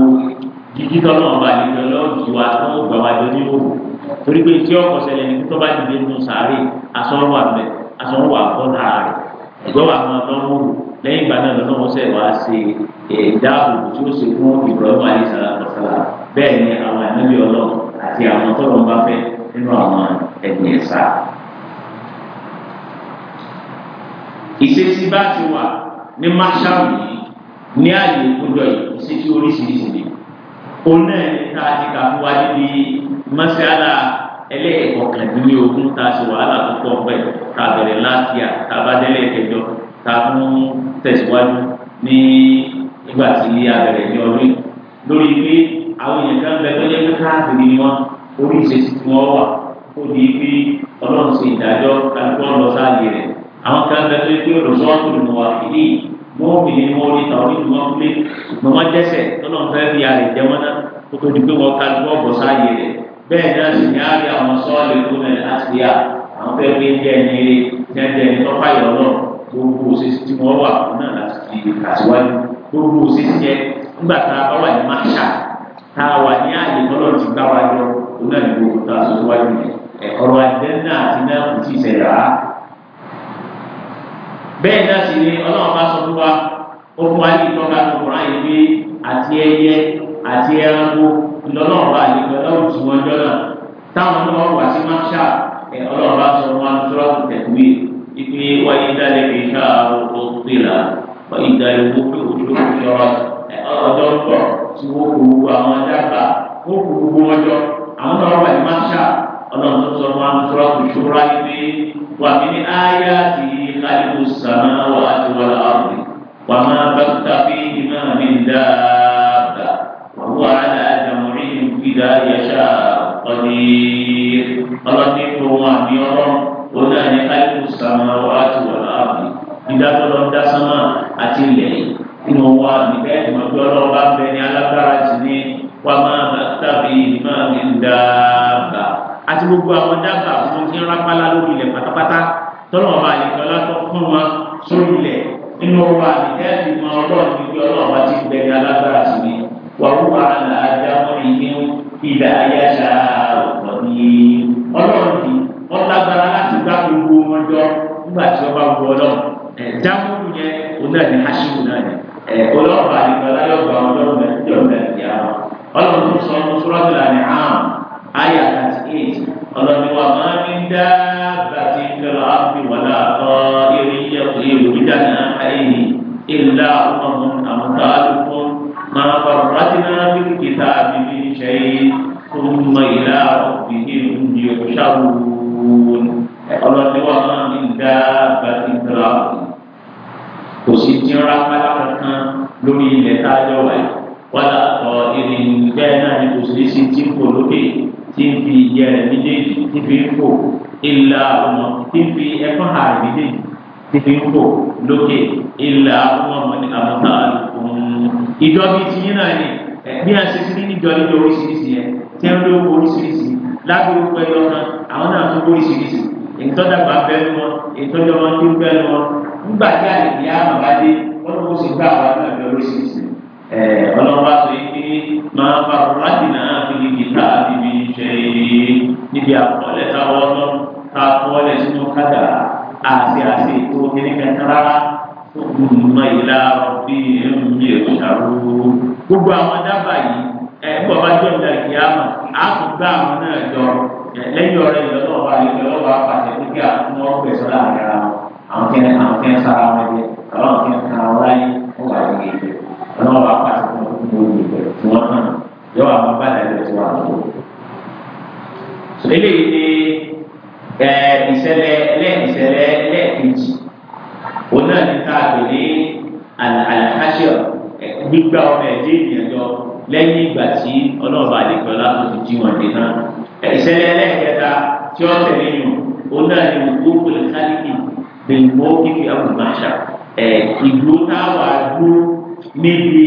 jíjí tọ́lọ́ọ̀bà àlejò ọlá òjì wa tó ń gbà wá jọ ní òwò torí pé tí ọkọ̀ ṣẹlẹ̀ ní tó bá dìde nínú sàárè asọ́rọ̀ wà bẹ̀ asọ́rọ̀ wà wà máa lọ́wọ́ wò lẹ́yìn ìgbà náà lọ́wọ́ sẹ́ẹ̀ ṣe eh, ìdáàbò tí ó ṣe fún ìbùrọ̀mù àyè sàlá bẹ́ẹ̀ ni àwọn ànábì ọlọ́run àti àwọn tọ́lọ́ bá fẹ́ nínú àwọn ẹ̀gbìn ẹ̀sà. ìṣesí bá ti wà ní máṣáàlú yìí ní àyè ìkójọ yìí ìṣesí oríṣiríṣi ni òun náà ní ta ti kà fún wa níbi mọ́ṣáálà ẹlẹ́ẹ̀kọ̀kàndínlógún tá a ṣe wàhálà tó pọ̀ bẹ́ẹ̀ tá a bẹ̀rẹ̀ láti à a bá délé ìkẹjọ tá a fún tẹ̀síwájú ní ìgbà tí a bẹ̀rẹ̀ ní ọdún lórí pé àwọn èèyàn kan bẹ tó yẹ kó káàkiri ni wọn orí ìṣesí tí wọn wà ó di pé ọlọ́run ṣe ìdájọ́ kálukú ọ̀lọ́ sáàyè rẹ̀ àwọn kan bẹ tó yẹ kó olùsọ́ ọ̀tún wà fìdí wọn fi ni wọn rí ta orí wọn pé ṣùgbọ́n wọn dẹ́ṣẹ̀ tọ́lọ́run fẹ́ fi àlè jẹ wọn náà ó tó di pé wọn kálukú ọ̀bọ̀ sáàyè rẹ̀ bẹ́ẹ̀ náà sì ní àárẹ̀ àwọn sọ́ọ̀lì tó nà àṣìyà àwọn fẹ́ gbé jẹ́ ẹni jẹ́ ẹni tọ́pá ìrọ̀lọ́ gbogbo òṣèṣì tí wọ́n wà fún náà láti fi kàṣíwájú gbogbo òṣèṣì nígbà tá a bá wà ní máṣá tá a wà ní àyè tọ́lọ̀ ti gbá wa jọ òun náà ní gbogbo tá a sọ wájú yẹn ọ̀rọ̀ àjẹ́nà àti náà kò tí ì ṣẹ̀dá. bẹ́ẹ̀ náà sì ni ọlọ́run bá sọ fún wa ó fún wa ní ìtọ́ka tó kọ̀ọ̀rọ̀ yìí pé àti ẹyẹ àti ẹranko ìlọ́lọ́run bá àlejò ọlọ́run tí wọ́n jọ náà táwọn náà wà sí máṣá ọlọ́run bá sọ fún wa ní tọ́lọ́kù tẹ̀kúwì ìpè wáyé dálé fi ṣáà ó tó tẹ̀lá ọjọ́ ń bọ̀ tí wọ́n kó gbogbo àwọn dábà wọ́n kó gbogbo wọn jọ àwọn náà wà ní máṣá ọlọ́run tó sọ wọn àtúrà kò ṣòro ayé wà mí ní ayé àti kálíkù sàmà wà àti wà láàrúbí wà máa bá tàbí iná mi dáadáa wà wà á dàmúrí ìgbìdá yẹsà ọdí ọlọ́dún tó wọn àmì ọlọ́run ó náà ní kálíkù sàmà wà àti wà láàrúbí dídá tó nínú wa níbẹ̀ tí mo gbé ọlọ́run bá bẹ ní alágbára sí ní wa máa ma tàbí máa mi ń dáàbà àti gbogbo àwọn dábà fún ti rápálá lórí ilẹ̀ pátápátá tọ́lọ́wọ́ bá lè gbọ́lá tó fún wa sórí ilẹ̀ nínú wa níbẹ̀ tí mo ọlọ́run ti gbé ọlọ́run bá ti bẹ ní alágbára sí ní wà wúwa àlàájá wọn ìní ìdá ayé àṣà ọ̀pọ̀ ní ọlọ́run ti wọ́n dáhùn yẹn òun náà ní ọlọ́ọ̀bà nìkan láyọ̀gbà ọlọ́run náà tí ọ̀nà ìyá ọlọ́run tó sọ ọdún sọ́rọ́dún làní àm àyà àti èyí ọlọ́run wa máa ń dá bàtí kẹlọ àfi wàlá ọ eré yẹ kó èrò ìdáná ayé ìlà ọmọ àmọ̀tàlùkọ máa bá rọ́tìnà bíi kìtà bíi ṣe ثم إلى ربهم يحشرون ọlọ́run wa máa ń dá bàtí kẹlọ àfi kò sí tí ń ra pálá kankan lórí ilẹ̀ tá a jọ wáyé wàlá àtọ̀ ìrìn bẹ́ẹ̀ náà ni kò sí sí tí ń kò lókè tí ń fi ìyẹ́ rẹ̀ méjèèjì tí fi ń kò ìlà ọmọ tí ń fi ẹ̀fọn hà rẹ̀ méjèèjì tí fi ń kò lókè ìlà ọmọ ní àmọ́tà ìjọ bíi ti yín náà ni bí a ṣe ti ní ìjọ níjọ oríṣiríṣi yẹn tí ń lówó oríṣiríṣi lágbóró pẹ́ lọ́nà àwọn náà tún oríṣiríṣi ìtọ́jà nígbà tí àyèmí àmọ̀ bá dé wọ́n kó sì gbà wá náà lórí sí i. ọlọ́wọ́ sọ yìí pé máa farò láti náà fi gíga bíbí ṣe níbi àkọọ́lẹ̀ táwọn ọlọ́run ta àkọọ́lẹ̀ sínú kádà àti àti ètò kíníkan rárá tó kùn mọ́ ìlà ọ̀bí ẹ̀mí ìṣàrò. gbogbo àwọn dábàá yìí ẹ̀ ń bọ̀ bá jọ ìdá ìkìyàmọ̀ á tún gbá àwọn náà jọ lẹ́yìn ọ̀rẹ́ ìlọ́lọ́wọ́ àwọn kẹ́ni àwọn kẹ́ni sára wọn jẹ ọlọ́run kẹ́ni kan àwọn láyé ó wà ní ìgbẹ́ ọlọ́run wà pàṣẹ fún ọdún tó ní ìgbẹ́ tí wọ́n kàn yọ àwọn bàlẹ̀ rẹ̀ tí wọ́n tó. eléyìí ni ìṣẹ̀lẹ̀ lẹ́ẹ̀kìṣẹ̀lẹ̀ lẹ́ẹ̀kejì òun náà ní ká pè ní àlàkáṣíọ̀ gbígbà ọmọ ẹ̀dẹ́ ìrìnàjò lẹ́yìn ìgbà tí ọlọ́ọ̀bà àdìgbò láti jí wọn dé náà ìṣẹ̀lẹ̀ lẹ́ẹ̀kẹta tí ó tẹ̀lé yìí òun náà ní bẹ̀rù kíkì àwùmáṣà ẹ̀ ìlú táwa dúró níbi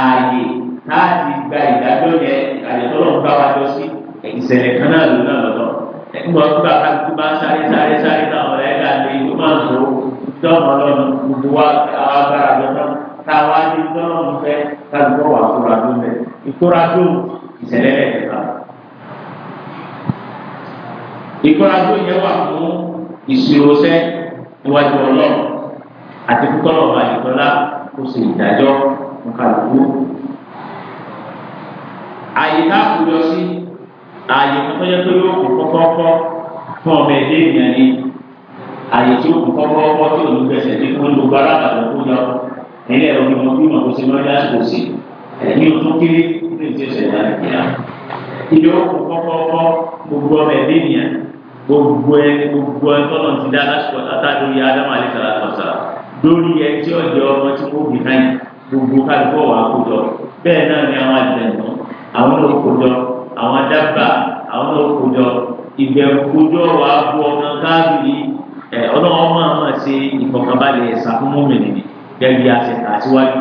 ààyè láti gba ìdájọ́ yẹn àyẹ̀tọ́lọ́ ń bá wa jọ sí ìṣẹ̀lẹ̀ kan náà ló náà lọ́dọ̀ ẹ̀kọ́ gbà kí bá sáré sáré sáré náà ọ̀rẹ́ ẹ̀ka lè ló máa ń sọ dọ́ọ̀mọ́ lọ́nà gbogbo wa àwọn agbára lọ́nà táwa ní dọ́ọ̀mù fẹ́ kájúkọ́ wà kóra tó fẹ́ ìkóra tó ìṣẹ̀lẹ̀ ẹ̀ka. ìkóra tó yẹ wà fún ìṣirò sẹ níwájú ọlọ àti kúkọlọ àyíkọlá kó ṣe ìdájọ́ nkàlùkù àyè káàkùjọ sí àyè kọtọjọ tó yóò kó kọkọọkọ fún ọmọ ẹdẹ ènìyàn ni àyè tí ó kó kọkọọkọ tí ò ní gbèsè ní kó ló gbára àgbàdo kó yọ nílẹ̀ ẹ̀rọ mímọ bí mọ̀ kó ṣe lọ́jà kò sí ẹ̀mí o tó ní ìdí ìṣẹ̀lẹ̀ àdìyà ilé kó kọkọọkọ gbogbo ọmọ ẹdẹ ènìyàn gbogbo ẹ gbogbo ẹ tọ́nà ti dá lásìkò látàdórí ádámù àlẹ́sàlá tọ̀sà lórí ẹ tí ọ̀jẹ̀ ọmọ tí kò bí káyìn gbogbo kálukọ́ wà kójọ bẹ́ẹ̀ náà ni àwọn àjẹmọ́ àwọn náà kójọ àwọn adágbà àwọn náà kójọ ìbẹ̀rù kójọ wà bú ọmọ káàbìrì ẹ ọlọ́wọ́ máa máa ṣe ìfọkànbalẹ̀ ẹ̀sà fún mọ́mìnì gẹ́gẹ́ bí a ṣe kà síwájú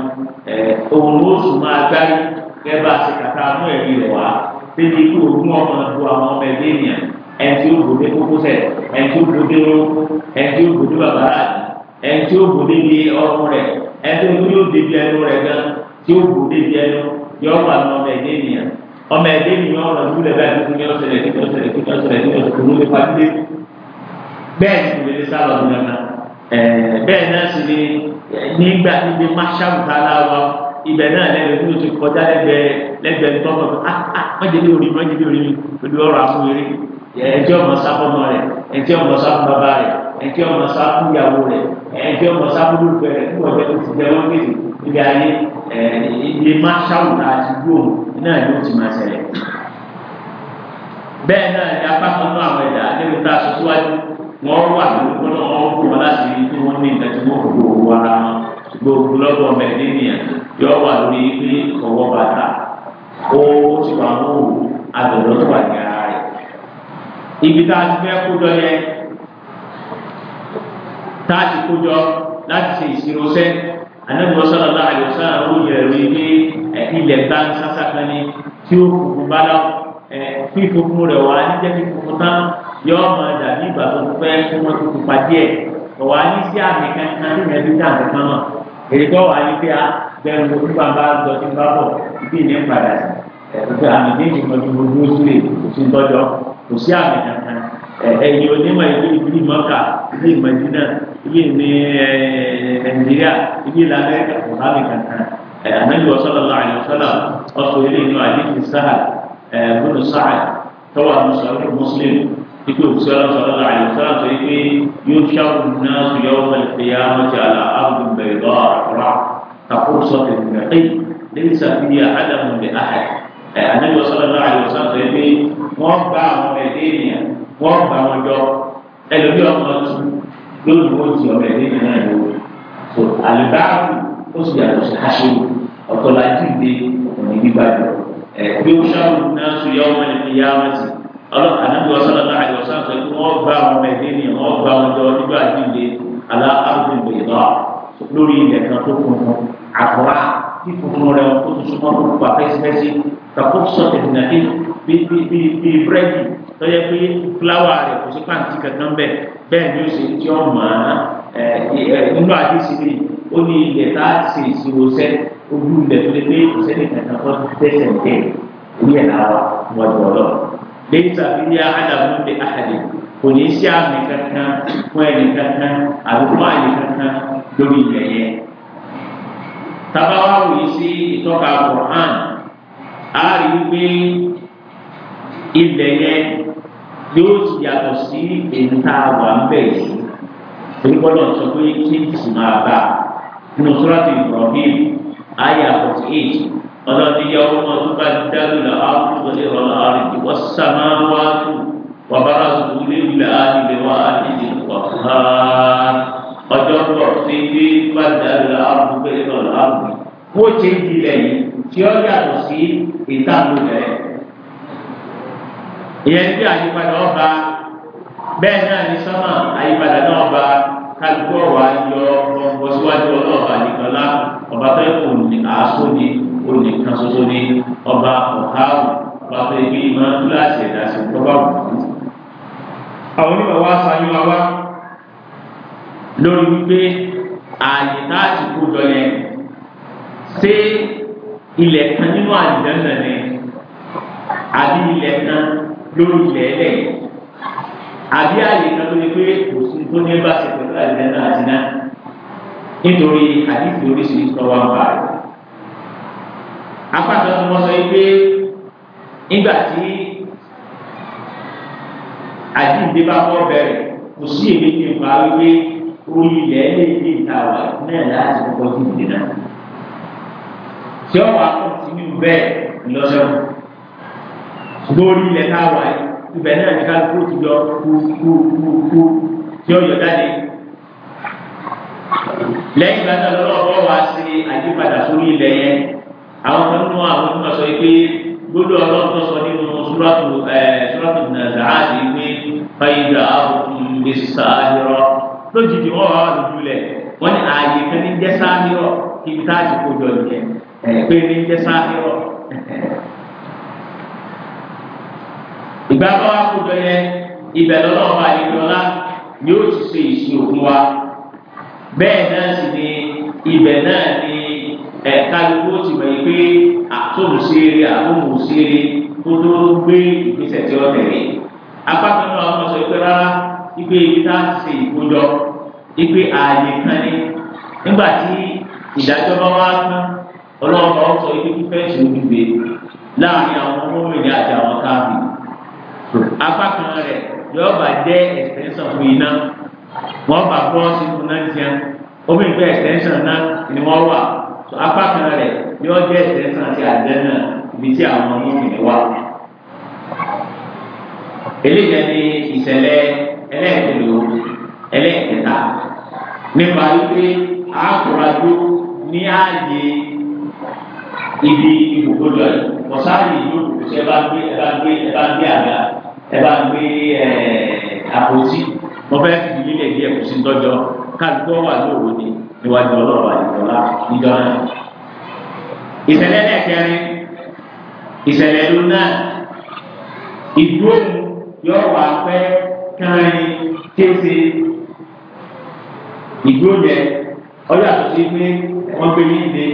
ẹ òun ó sùn máa gbárí gẹ́gẹ́ bá a ṣe kàtà mú ẹ̀rí rẹ̀ wá débi kí òun ọmọ du àwọn ọmọ ẹgbẹ́ ènìyàn ẹtí ó bòde kókósẹ̀ ẹtí ó bòde ó ẹtí ó bòde bàbá ẹtí ó bòde di ọrùn rẹ̀ ẹtí ó yóò débi ẹnu rẹ̀ gan tí ó bòde di ẹnu yọ ọmọ àwọn ọmọ ẹdẹ ènìyàn ọmọ ẹdẹ ènìyàn ọ̀rọ̀ ìdúlẹ báyìí tó ń yọ ọsẹlẹ tó ń ọsẹlẹ tó ń ọsẹlẹ tó ń ọsẹlẹ tó ń lé pàdé bẹ́ẹ̀ sì lè sábà wọn náà bẹ́ẹ̀ náà sì lè nígbà níbi máṣáwùtà láwa ibẹ̀ náà lẹ́gbẹ̀ẹ́ tó ti kọjá lẹ́gbẹ̀ẹ́ lẹ́gbẹ̀ẹ́ tọkọ ah ah wọn jẹ ní wọn jẹ ní orí mi pẹ̀lú ọ̀rọ̀ àfọwéré ẹ̀ẹ́dì ọmọ sáfọ́mọ rẹ̀ ẹ̀ẹ́dì ọmọ sáfún bàbá rẹ̀ ẹ̀ẹ́dì ọmọ sáfún ìyàwó rẹ̀ ẹ̀ẹ́dì ọmọ sáfún olùfẹ́ rẹ̀ fún ọ̀jẹ́ tó ti jẹ́ wọ́n kéde níbi ayé ilé máa ṣàwùn àti gbòòrò náà yóò ti máa ṣẹlẹ̀. bẹ́ẹ̀ náà ni apá kan náà àwọn ẹ̀dá níbi tá a sọ síwájú wọ́n wà lóko náà wọ́n kú wọn láti rí pé wọ́n ní nǹkan tí wọ́n kò wọ ara wọn gbogbo lọ́gbọ̀n mẹ́ẹ̀ẹ́dínìyàn yọ ibi tá a ti fẹ́ kójọ yẹn tá a ti kójọ láti ṣe ìṣirò sẹ́ anabi wasala ala ali wasala o yẹrẹ o ye ẹ ilẹ̀ ta sasa kan ni tí o fufu ba la ẹ fífufu rẹ wa ni jẹ́ fífufu tán yọ ma dàbí ìbàdàn fẹ́ kó wọn tuntun pa díẹ̀ ọ̀wá ní sí àmì kankan ní ìrẹ́bí tí àmì kan náà èdè tó wà ní pé a bẹ̀rù mo tí bàbá lọ sí bá bọ̀ ibi ìní padà sí ẹ̀ àmì méjì kan gbogbo sílẹ̀ kò sí tọ́jọ́. kò sí àmì kankan ẹ̀yìn onímọ̀ ìlú ìlú mọ́kà ilé ìmọ̀dínà ilé ní nàìjíríà ilé ìlú amẹ́ríkà kò sáàmì kankan ànábì sallallahu alaihi wasallam ọ̀sọ̀ ilé inú àdéhùn sáà gbọ́dọ̀ sáà tọ́wọ́ àmúṣọ́rọ̀ mùsùlùmí ikú òkúsí ọlọ́sọ̀rọ̀ láàyè sọ́nà tó yí pé yóò ṣàkóso náà sọ yọ ọmọ ìpèyà ọjà àbùn bẹ̀rẹ̀ lọ́rọ̀ rà kàkó sọ́tẹ̀ nígbà tẹ́yì lẹ́yìn sàfihàn àdàmù bẹ̀ àhàyè. àdébò sọlọ náà àyè ọsàn tó yẹ pé wọn gba àwọn ọmọ ẹdẹ ènìyàn wọn gba wọn jọ ẹlòmí ọmọ tu lónìí wọn ti ọmọ ẹdẹ ènìyàn náà lò so àlùbáàbù ó sì yàtọ̀ sí aṣọ ọ̀tọ̀lájú ìdè ọ̀tọ̀lá gbígbàjọ ẹ̀ bí ó ṣàrò náà sùn yà ọmọ ẹni yà ọmọ ti ọlọ́pàá àdébò sọlọ náà àyè ọsàn tó yẹ pé wọn gba àwọn ọmọ ẹdẹ ènìyàn wọn gba wọn jọ nígbà ìdílé alá kí funfun rẹ̀ kó tó súnmọ́ fún wa pẹ́sipẹ́sí kàkó sọ̀tẹ̀ nàdí bí búrẹ́dì tọ́jà pé fúláwà rẹ̀ kò sí pàǹtí kankan bẹ́ẹ̀ bẹ́ẹ̀ ni ó sì ti ọ̀ mọ́ nínú àdìsí ni ó ní ilẹ̀ tá a ṣe ìṣirò sẹ́ ojú ilẹ̀ tó lé pé kò sẹ́ni kankan tó tẹ̀sẹ̀ ń tẹ̀ ní ẹ̀ lára wọn jọ lọ. lẹ́yìn tàbí ní àdàmú ní àhàlẹ̀ kò ní sí àmì kankan fún ẹnì tábà wá wòye sí ìtọ́ka Qur'an á rí wípé ilẹ̀ yẹn yóò ti yàtọ̀ sí èyí tá a wà ń bẹ̀ yìí olùkọ́lọ̀ sọ pé kí n sì máa bá nínú sọ́láṣí Ibrahim ayé forty eight ọlọ́dún yẹ ọmọ ọdún bá dájú lọ áwùjọ wọlé ọ̀rọ̀ àrùn tí wọ́n sàmá wá tó wàbára tó lé wílẹ̀ áàdì wá áàdì wà fún ha ọjọ́ pọ̀ sí bí gbàdáàlú ààbò pé lọ́nà ààbò wọ́n ṣe ń dilẹ̀ yìí tí ó yàtọ̀ sí ìtàkùn rẹ̀. ìyẹn tí àyípadà ọba bẹ́ẹ̀ náà ní sọ́mà àyípadà náà ọba kálukú ọ̀wá yọ ọ̀pọ̀ síwájú ọlọ́ọ̀bà nìkan lá ọba tó kù ní àásù ní onìkan ṣoṣo ní ọba ọ̀háàbù ọba tó ibi ìmọ̀ kíláàsì ẹ̀dá sí ọba òkú. àwọn onímọ̀ wa sáyé wa wá lórí wípé ààyè tá a ti kó jọ yẹn ṣé ilẹ̀ kan nínú àdìdánná ni àbí ilẹ̀ kan lórí ilẹ̀ ẹlẹ̀ àbí ààyè kan lórí pé kò sí tó ní bá ṣe pẹ̀lú àdìdánná àti náà nítorí àdìsí oríṣiríṣi tó wà ń bá rẹ̀. apá kan tí wọ́n sọ yìí pé nígbà tí àdìdé bá wọ́n bẹ̀rẹ̀ kò sí èmi ti ń pa wípé orí ilẹ̀ ẹlẹ́ẹ̀dẹ́ ìta wà náà láti kọ́kọ́ sí di náà. tí ọ̀wọ́ akọ̀tínú bẹ́ẹ̀ lọ́sọ̀rọ̀ ṣùgbọ́n orí ilẹ̀ ká wà ibẹ̀ náà ní kálukú ti lọ kúkúkú tí ó yọ jáde. lẹ́yìn ìgbà náà lọ́wọ́ wá sí àyípadà sórí ilẹ̀ yẹn àwọn kan nínú àwọn tó sọ pé gbọ́dọ̀ ọlọ́tọ̀ sọ nínú súrọ́tù ẹ̀ súrọ́tù nàzàá ti gbé fàyídà àwọn ìgbésí sáà yọrọ lójijì wọn wà lójú lẹ wọn ní ààyè kan ní jẹ sáhírọ ibi tá a ti kó jọ nìyẹn pé ní jẹ sáhírọ. ìgbà bá wa kó yẹn ibẹ̀ lọ́wọ́ wa ni ó ti ṣe ìṣirò fún wa bẹ́ẹ̀ náà sì ni ibẹ̀ náà ni ẹ̀ka gbogbo ti mọ̀ yìí pé àtúnṣeré àtúnṣeré tó tó gbé ìgbésẹ̀ tí ó tẹ̀lé apá kan náà wọ́n sọ pé rárá ipe ibi tá a ti ṣe ìkójọ ipe ààyè kan ní nígbà tí ìdájọ́ bá wá tán ọlọ́run bá sọ ibi fífẹ́ ìṣòwò gbé láàrin àwọn ọmọbìnrin àti àwọn káàbì apá kan rẹ̀ yóò bá jẹ́ extension fún iná wọ́n bá bọ́ sínú náà jẹun obìnrin pé extension náà ni wọ́n wà apá kan rẹ̀ yóò jẹ́ extension àti àjẹ́ náà ibi tí àwọn ọmọbìnrin wà. eléyìí ni ìṣẹ̀lẹ̀ ẹlẹ́ẹ̀kejì ẹlẹ́kẹta nípa wípé àkùràdó ní ààyè ibi ibùdó yìí ọ̀sáàyè yóò kù sí ẹ bá gbé ẹ bá gbé ẹ bá gbé àga ẹ bá gbé ẹ àpótí wọ́n fẹ́ fi nílẹ̀ díẹ̀ kò tọ́jọ́ káàdùkọ́ wà lóòrò ni níwájú ọlọ́run àyẹ̀wòlá níjọ́ náà. ìṣẹ̀lẹ̀ lẹ́ẹ̀kẹrin ìṣẹ̀lẹ̀ ló náà ìdúró yóò wà pẹ́ kárin kése ìgbó yẹ ọjọ́ àtúntí pé wọ́n gbé yín dé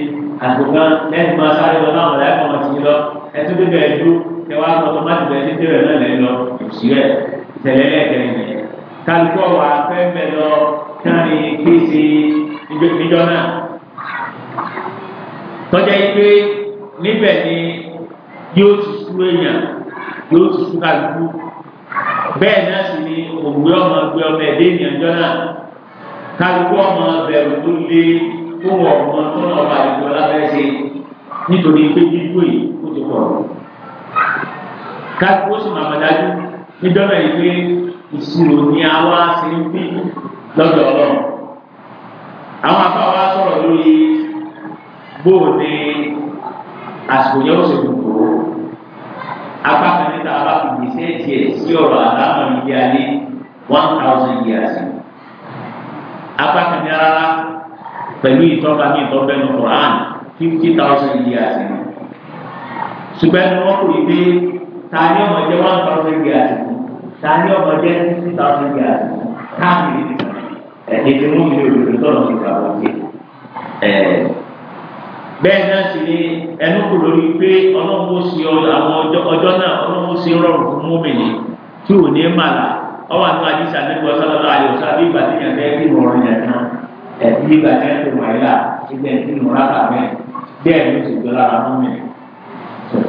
àgbòkan lẹ́nu máa sáré lọ náà wọ̀lẹ́ ẹ̀kọ́ wọn ti lọ ẹtú bíbẹ ẹdú ẹ wá lọ tọmátì bẹ ẹdí bẹ̀rẹ̀ náà lẹ lọ ìṣirẹ tẹ́lẹ̀ lẹkẹrin yẹn kálukú ọwọ́ afẹnbẹ lọ kárí kéésì ìjọ náà tọjá yìí pé níbẹ̀ ni yóò ti sú èèyàn yóò ti sú kálukú bẹ́ẹ̀ náà sì ni òwúrọ̀ ọmọ ẹgbẹ́ ọmọ ẹdẹ ènìyàn jọ náà kálukú ọmọ bẹ̀rù tó lé tó wọ̀ ọmọ tó náà ọba àdìgbò lábẹ́sẹ̀ nítorí pé dídú yìí ó ti pọ̀ kálukú ó sì máa mọ̀ dájú níjọba yìí pé ìṣirò ni àwa ṣe ń bí lọ́dọ̀ ọlọ́run àwọn afáwa sọ̀rọ̀ lórí bóò ní àsìkò yẹn ó sì dùnkò apá kan níta bá fi gbèsè tiẹ̀ sí ọ̀rọ̀ àdámọ̀ ìdí one thousand years ago apa kan pelu itu pẹ̀lú ìtọ́ba ní Quran fifty thousand years ni ṣùgbọ́n ẹni wọ́n kò yí pé ta ni ọmọdé one thousand years ni ta ni ọmọdé sixty thousand years ni káàkiri ni ẹ̀ẹ́dẹ̀ tí wọ́n fi lè lò lọ́nà ti gbà wọ́n ṣe. bẹ́ẹ̀ náà sì ni ẹnu kò lórí pé ọlọ́run ó ọwọ́ àti àdìsí àdìgbò sọ́dọ̀ náà yóò sá bí ìgbà tí yẹn bẹ́ẹ̀ kí nù ọ̀rọ̀ yẹn kan ẹ̀bí ìgbà tí yẹn tó wà yíyá ìgbà tí nù rákà mẹ́ bẹ́ẹ̀ ló sì gbé lára fún mi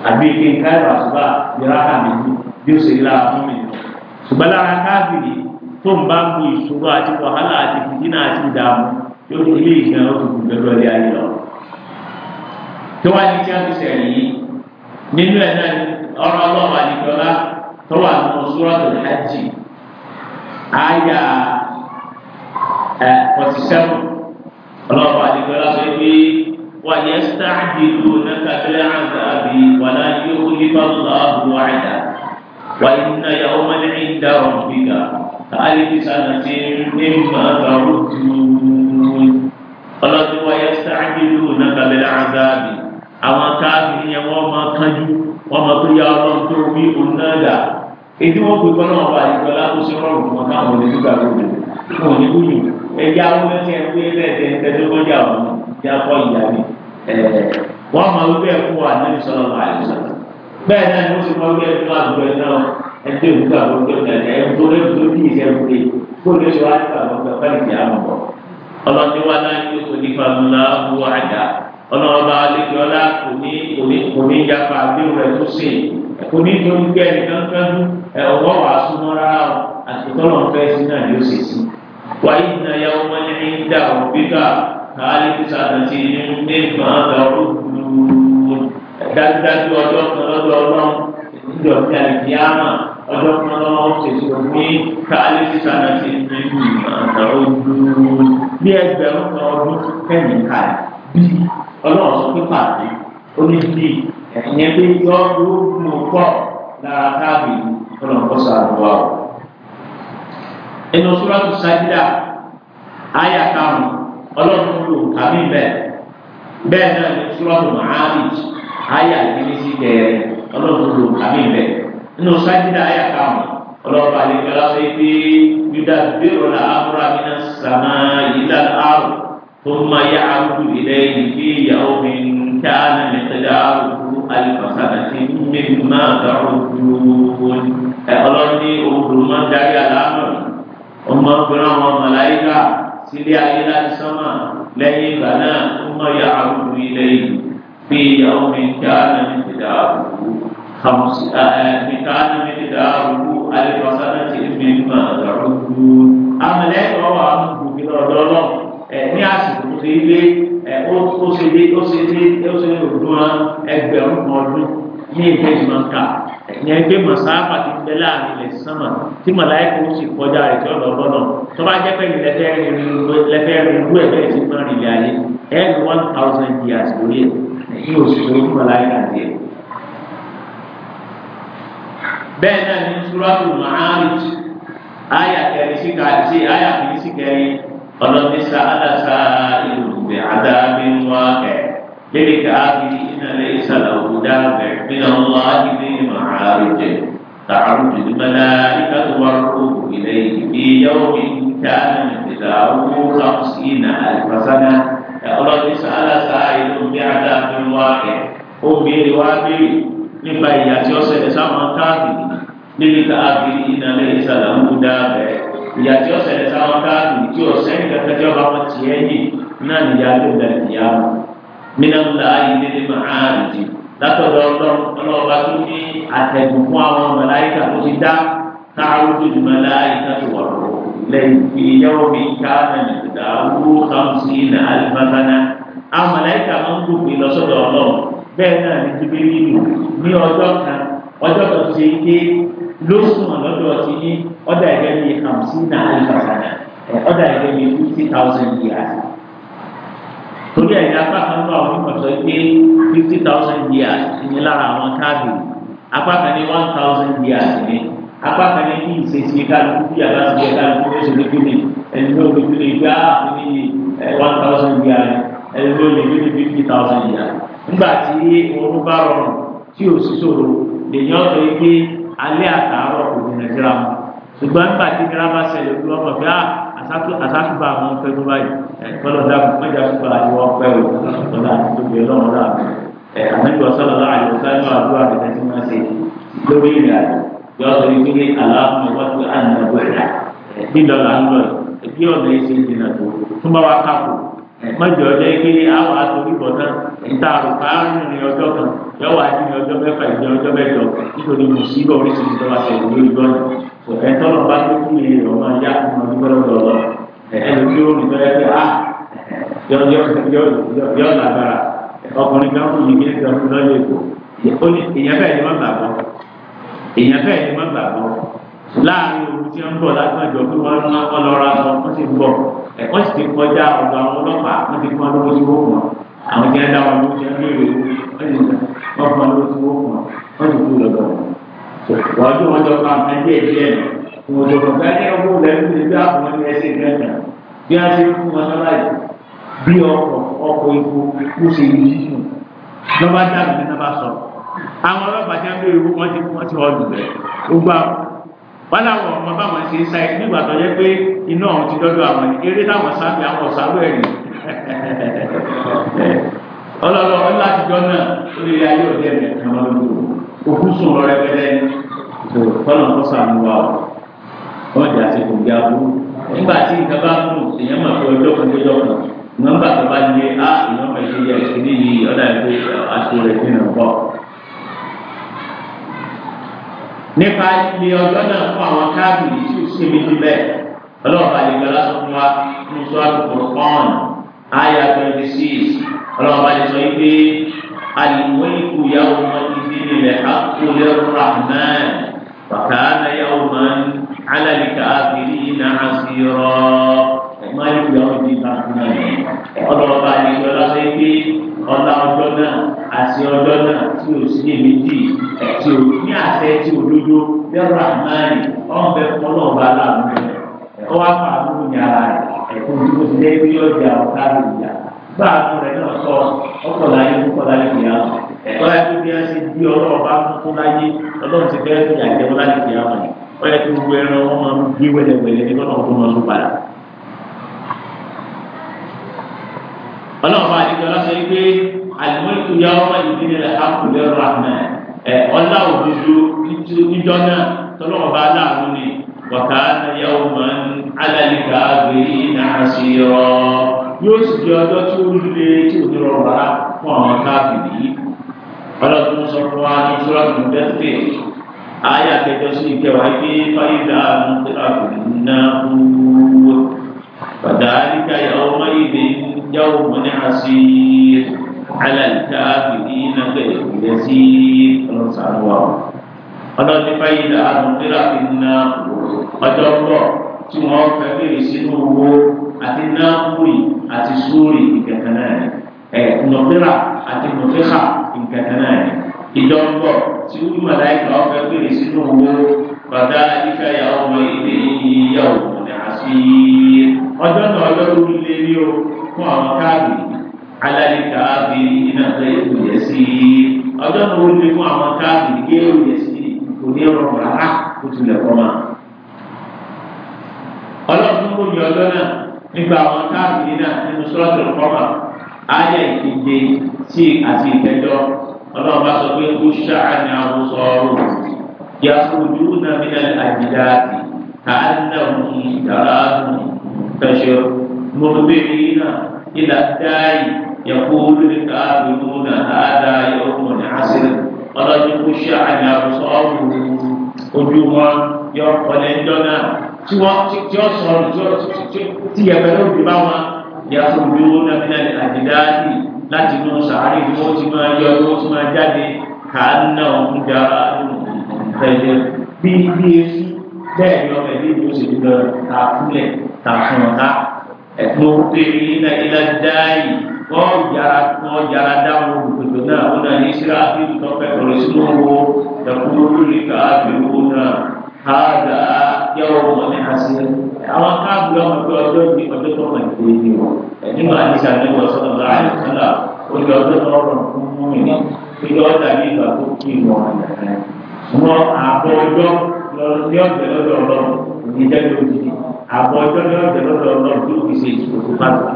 àbí ike káyọ̀ àṣùbà yẹ rákà mi ní bí ó sì rí fún mi ṣùgbọ́n lára káàbìrì tó ń bá ń bu ìṣòro àti wàhálà àti fìdínà àti ìdààmú yóò ilé ìgbà ó ti kù pẹ̀lú ọdẹ ayé lọ. tó wá àyà ẹ̀ forty seven ọlọ́ọ̀bà àdìgbò lásán ibi wà yẹ sáàdìlú nàkàbílẹ̀ àgbàbí wàlá yóò nípa lọ́ọ̀bù àyà wà iná yàwó mẹ́lẹ́ ìdá ọ̀gbìgà káàlìkì sànàtì mímọ́ àgbàrú tuntun ọlọ́ọ̀bì wà yẹ sáàdìlú àgbàbí àwọn káàbì yẹn wọ́n máa kánjú wọ́n máa tó yà ọlọ́ọ̀tò wí òun èdè wọn pè kọ́ náà wà nígbà lákòóso rọrùn fún wọn káwọn onídìí gbà gbòdò fún òní wúlò ẹ̀yà wọn ní ẹgbẹ́ ẹlẹ́dẹ̀ ẹ̀ẹ́dẹ́gbọ́jà wọn já kọ́ ìyá mi wọn máa wí bẹ́ẹ̀ fún wa nínú sọ̀rọ̀ wà ní sọ̀rọ̀ bẹ́ẹ̀ náà ni wọ́n ti máa wí bẹ́ẹ̀ fún àdúgbò ẹ̀ náà ẹ̀dẹ́ òkúta gbòdò ẹ̀dẹ́ ẹ̀dọ́ lẹ́dọ́ bí ìṣẹ́ gbòdò gbòdò ṣe wá nípa gbòdò bá kò ní tó ń gbé ẹnìkan kánú ọwọ́ wàá súnmọ́ rárá o àti tọ́lọ̀ ń fẹ́ sí náà yóò ṣe sí. wáyé náà yà wọ́n ní ní dà ọ́ bíkà káàlì kùsà àti ní gbọ̀n àgbà olùkùnú dájúdájú ọjọ́ kan lọ́dọ̀ ọlọ́run ìjọ ní àlìkíyàmà ọjọ́ kan lọ́wọ́ ṣèṣe òní káàlì kùsà àti ní gbọ̀n àgbà olùkùnú bí ẹgbẹ̀rún kan ọdún kẹ́míkà bí ọlọ́run sọ pé pàdé ó ní bíi ẹ̀yẹ bí yọ yóò lò pọ̀ lára káàbì kọ́nà kọ́sà àdúrà o. inú sọ́lọ́tù sájídà àyà karùn-ún ọlọ́run ló kàmí bẹ́ẹ̀ bẹ́ẹ̀ náà ní sọ́lọ́tù mahamid àyà ìdílé sí kẹrẹ ọlọ́run ló kàmí bẹ́ẹ̀ inú sájídà àyà karùn-ún ọlọ́run àlejò aláṣẹ pé yúdà bẹ́rù la amúra mi náà sàmá ìlànà àrùn tó máa yá àrùn كان مقداره ألف سنة مما تعدون ọlọ́run ní oògùn máa ń darí àlámọ̀ ọmọ ọgbọ́n àwọn màláíkà sílé ayé láti sánmà lẹ́yìn ìgbà náà ó mọ̀ ya àrùn ilẹ̀ ìlú bí ìyàwó mi dáná ní ti dáàbò kàmùsí mi dáná ní ti dáàbò alẹ́ pàṣẹ náà ti ń bí mà dàrú dúró. àmì lẹ́yìn ọ̀rọ̀ àwọn gbòógì lọ́dọọlọ́ọ̀ ṣe dé ó ṣe dé ó ṣe òdúnrán ẹgbẹ̀rún kan ọdún ní ìgbé ìmọ̀ǹkà ní ẹgbẹ́ mọ̀sáfà ti bẹ láàrin ilẹ̀ sánmà tí màláìkà ó sì kọjá rẹ̀ tí ó lọ bọ́ tó bá jẹ́ pé lẹ́fẹ́ rin irú ẹ̀ bẹ́ẹ̀ sí máa rìn ilẹ̀ ayé ẹ̀ẹ́dì one thousand years lórí ẹ̀ ní oṣù tó ní màláìkà tiẹ̀. bẹ́ẹ̀ náà ní súrọ́tù màárìtì áyà kẹrin sí ọlọ́ni sàádà sáà ìrùbẹ̀ àdáàbí wá ẹ̀ lẹ́yìn káàbí ìnàlẹ́ ìsàlẹ̀ òkúta bẹ̀ nínú ọlọ́ àdìdì màárùjẹ tààrùjẹ dùmẹ́lá ìkàtọ̀ wà rúkú ilẹ̀ ìbí yẹ́wò mi dáná ìdílé àwọn ọlọ́sí nà àlùfàṣánà ọlọ́ni sàádà sáà ìrùbẹ̀ àdáàbí wá ẹ̀ ó wá béèrè nípa ìyà tí ó ṣẹlẹ̀ sáwọn káàbì káàbí ìnàlẹ́ ìsàlẹ̀ òkúta ìyá tí ó ṣẹlẹ̀ sáwọn káàdì tí ó sẹ́yìn kẹfẹ́ tí ó bá wọn tiẹ̀ yìí náà nìyá ló bẹ̀rẹ̀ ìyá wọn. mìíràn la ilé ní màá rìndì látọ̀dọ̀ ọlọ́ọ̀bá tó ní àtẹ̀gùn fún àwọn màláìkà tó ti dá táàrúdù màláìkà tó wà lọ́wọ́ lẹ́yìn fi mi ká nàìjíríà wúrú kàmsí nà àlùfáàná àwọn màláìkà máa ń gbòkè lọ́sọ̀dọ̀ ọlọ́ọ̀ bẹ́ẹ̀ náà ní ọjọ́ kan ṣe pé lóṣù lọ́dọ̀ ti ní ọ̀dà ẹ̀gẹ́ mi hamsin náà alifasana ọ̀dà ẹ̀gẹ́ mi fifty thousand years. torí ẹ̀yìn apá kan náà wọ́n mọ̀ sọ fifty thousand years ní lára àwọn káàdì apá kan ní one thousand years ní apá kan ní bí ìṣesí kálukú bí àbáṣe kálukú ló ṣe lójú ẹni ló lójú ní gbá fún ní one thousand years ẹni ló lójú ní fifty thousand years. nígbà tí oorun bá rọrùn tí ò sí ṣòro lèyìn ọ̀sẹ̀ yìí pé alẹ́ àtàárọ̀ kò gbìnà síra wọn ṣùgbọ́n nígbà tí kíra bá ṣẹlẹ̀ ojú ọmọ bí àṣàtúbà àwọn pẹ́ tó báyìí fọlọ́ dákun mẹ́jà ṣùgbọ́n àyẹ̀wò pẹ́ o ọ̀la àtúntò ọlọ́run náà ẹ̀ àmẹ́jọ sọ̀rọ̀ láàyè ọ̀sánú àdúrà rẹ̀ tí wọ́n ṣe lórí ìrìn àjò yọ sọ yìí pé aláàfin wájú ànàbọ̀ ẹ̀dá dídọ̀là ń lọ bí ọ̀nà ìṣe ìdènà níta àrùkà ní ọjọ́ kan yọwọ àti ní ọjọ́ mẹ́fà ìjẹ ọjọ́ mẹ́jọ nítorí mùsùlùmí oríṣiríṣi tó wà sẹ́yìn lórí gbọnyìn kò fẹ́ tọrọ bá tó kú lè ọmọ ajá ọmọ dúpẹ́ lọ́dọ̀ lọ ẹni tí ó rìn tọ́lẹ́ pé a ah, yọ lágbára ọkùnrin kan kù yìí kílẹ̀ kan kú lọ́yẹ̀ èkó ó ní èèyàn bẹ́ẹ̀ ni wọ́n gbàgbọ́ èèyàn bẹ́ẹ̀ ni wọ́n gbàgbọ́ láàrin òru tí wọ́n bọ̀ látàjọ pé wọ́n ń lọ́ra lọ wọ́n sì bọ̀ ẹ̀kọ́ sì ti kọjá ọ̀dọ̀ ọlọ́pàá wọ́n ti kọ́ lówó tí wọ́n mọ̀ àwọn jẹ́ ẹ̀dá wọn ló jẹ́ lórí owó wọ́n ti sọ wọ́n fún wọn ló ti wọ́n fún wọn wọ́n ti kú lọ́dọ̀ wọn ọdún wọn jọ fún àwọn ẹgbẹ́ ìdílé wọn wọn jọ fún wọn ní owó lẹ́nu ní bí àwọn ní ẹsẹ̀ gẹ́gẹ́ bí wọ́n ṣe fún wọn lọ́la yìí bí ọkọ̀ ọkọ̀ epo ó ṣe yí nù lọ́ba dábìlì náà bá sọ àwọn ọlọ́pàá jẹ́ lórí owó wọn làwọn ọmọ báwọn ṣe ń sa ẹ nígbà tó yẹ pé iná àwọn ti dọdọ àwọn ni eré táwọn sábẹ àwọn ọsàlù ẹ rí ọlọlọ ńlá àtijọ́ náà ó lè ayé òde ẹmẹ kan lọdún òkú sùn lọ rẹpẹtẹ kọlọ ń kọsà ń wà ó wọn jà sí kò gbé abúrú nígbà tí nǹkan bá kú èèyàn máa fi ọjọ́ kan lójọ́ kan nọ́mbà tó bá lé á ìnáwó ẹ̀ṣẹ̀ yẹ ẹ̀ṣẹ̀ nípa ilé ọjọ́ náà fún àwọn káàbìrì tí ò sí méjì bẹ́ẹ̀ ọlọ́ọ̀bà lè gbọ́dọ̀ sọ fún wa fún sọ àtúntò pọ́n àyà twenty six ọlọ́ọ̀bà lè sọ yìí pé alìmọ́lìkù yàwó wọn ti di nílẹ̀ àkúlẹ̀ rahman bàtàlà yàwó wọn alàlì káàbìrì iná àṣírọ́ ẹ̀mọ́lìkù yàwó ti di káàbìrì ọlọ́ọ̀bà lè gbọ́dọ̀ sọ yìí pé ọlá náà àti ọjọ́ náà tí o sì lè méjì tí o ní àtẹ tí o dúdú bẹ́rù àmáyé ọ̀nbẹ ọlọ́ọ̀bá láàmú rẹ̀ ẹ̀kọ́ wá fà ábúrú ní ara rẹ̀ ẹ̀kọ́ tí o sì lè rí ọjà ọ̀tá rẹ̀ ìyá bá àánú rẹ̀ náà sọ ọkọ̀ láyé púpọ̀ láyé kìá ẹ̀kọ́ yẹ kó bí a ṣe bí ọlọ́ọ̀bá fún láyé ọlọ́run ti fẹ́ fi àjẹ wọn láyé kìá wọn ọ yẹ kó gbogbo ẹran wọn máa gbé wẹ́lẹ́wẹ́lẹ́ ní lọ́nà ọdún ọdún padà. ọlọ́ọ̀bá àdìgbò ọlọ́sọ yìí pé alimọ́lùkù yà ọmọ ìdílé àkùlẹ̀ rahman ẹ ọlá òdodo níjọ náà tọ́lọ́mọ bá láàánú ni wàkà yà ọmọ alálìkà àgbèrè náà sí ọ yóò sì di ọjọ́ tí ó lulẹ̀ tí ò ní rọrùn rárá fún àwọn káàkiri yìí ọlọ́dún sọ fún wa ní sọ́ọ́nù bẹ́ẹ̀ ayà kẹjọ sí ìkẹwàá gbé fáyidà mọ́tẹ́lá kò ní ná wúwo fàdáríkà yà ọmọ ìdè yà ọmọ ní àṣìírí aláìkáàbìdì nàgbẹ ìrẹsì ọlọsàlùwà ọlọdún báyìí là àdúgbò àfihàn ọjọ́ pọ tí wọn fẹ́ bèrè sínú owó àti náàbùrì àti sóòrì ìkẹkẹnà ẹ nọfẹrà àti nọfẹkà ìkẹkẹnà ẹ ìjọba tí wọn mọláìkà ọfẹ bèrè sínú owó bàtà ìfẹyà ọmọ ilé ìyàwó ní àṣì ọjọ́ náà ọjọ́ lórí lé ní o fún àwọn káàbìdì alálìkàábìrì iná ẹ̀rọ yẹ sí i ọjọ́ tó wọlé fún àwọn káàbìrì gé ẹ̀rọ yẹ sí i kò ní ẹ̀rọ rárá kó tilẹ̀ kọ́ ma. ọlọ́run tó yọ ọjọ́ náà nípa àwọn káàbìrì náà nínú sọ́ọ̀tì kọ́mà ayé ìkeje sí àti ìkẹjọ ọlọ́run bá sọ pé kó ṣáà ní àwọn sọ̀rọ̀ yà ojú náà mi náà àjìdá كأنهم تراهم تشر مقبلين إلى الداعي يقول الكافرون هذا يوم عسر قد خشع أبصارهم ojú wọn yọ ọ̀pọ̀lẹ̀ ńjọ́ náà tí wọ́n tí ó sọ̀rọ̀ tí ó tí yẹ̀pẹ̀ ló bí bá wọn yà fún ojú wọn náà nílẹ̀ àdìdáàdì láti inú sàárì tí wọ́n ti máa yọ tí wọ́n ti máa jáde kàánà ọ̀hún da ẹ̀jẹ̀ bí bí esu bẹ́ẹ̀ ni ọmọ ẹ̀mí ìlú òṣèlú lọ ta kúlẹ̀ ta fún ọ̀tá ẹ̀kún ó pè ní ilẹ̀ dáì kọ́ yàrá kọ́ yàrá dáhùn olùkòtò náà wọn náà ní sírafì tọ́pẹ́ kọ̀rọ̀ sínú owó ẹ̀kúrò lórí káàbì owó náà káàdà yẹwò wọn ní àṣẹ. àwọn káàbì ọmọ pé ọjọ́ ní ọjọ́ tó mọ̀ ní ìdí wọn ẹ̀dín máa ní sàlẹ̀ wọ sọ́nà láàyè sọ́nà ojú ọjọ́ tó rọrùn fún mú mi ní ojú ọjà ní ìgbà tó kí ìwọ̀n àyàfẹ́. wọn àbọ̀ ọjọ́ lọ sí ọ̀gbẹ̀ àbọ̀ ọjọ́ ní ọ̀jẹ̀ lọ́dọ̀ ọlọ́run tó fi ṣe ìṣòro tó bá tó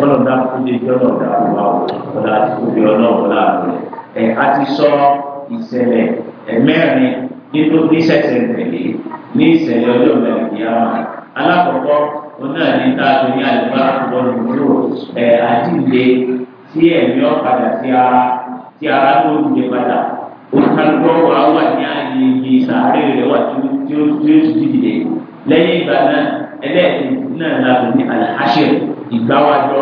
ọlọ́run dá kó lè jọ́ náà dáa wà ó ọ̀la òbí ọlọ́run láàánú ẹ̀ a ti sọ ìṣẹ̀lẹ̀ ẹ̀mẹ́rin nínú níṣẹ̀ṣẹ̀ tẹ̀lé ní ìṣẹ̀lẹ̀ ọjọ́ mẹ́rin ní àwọn alákọ̀ọ́kọ́ oná ní táàbù ní àlùbá àkùbọ̀nù múlò ẹ̀ àdìlé tí ẹ̀mí ọ̀padà tí ara tí ara ló ń gbé padà òkàlùkọ́ wà wà ní àyè ìgbésà àárẹ̀ rẹ̀ wà tí ó ti dìde lẹ́yìn ìgbà náà ẹlẹ́ẹ̀kejì náà la fi ní àṣẹ ìgbáwájọ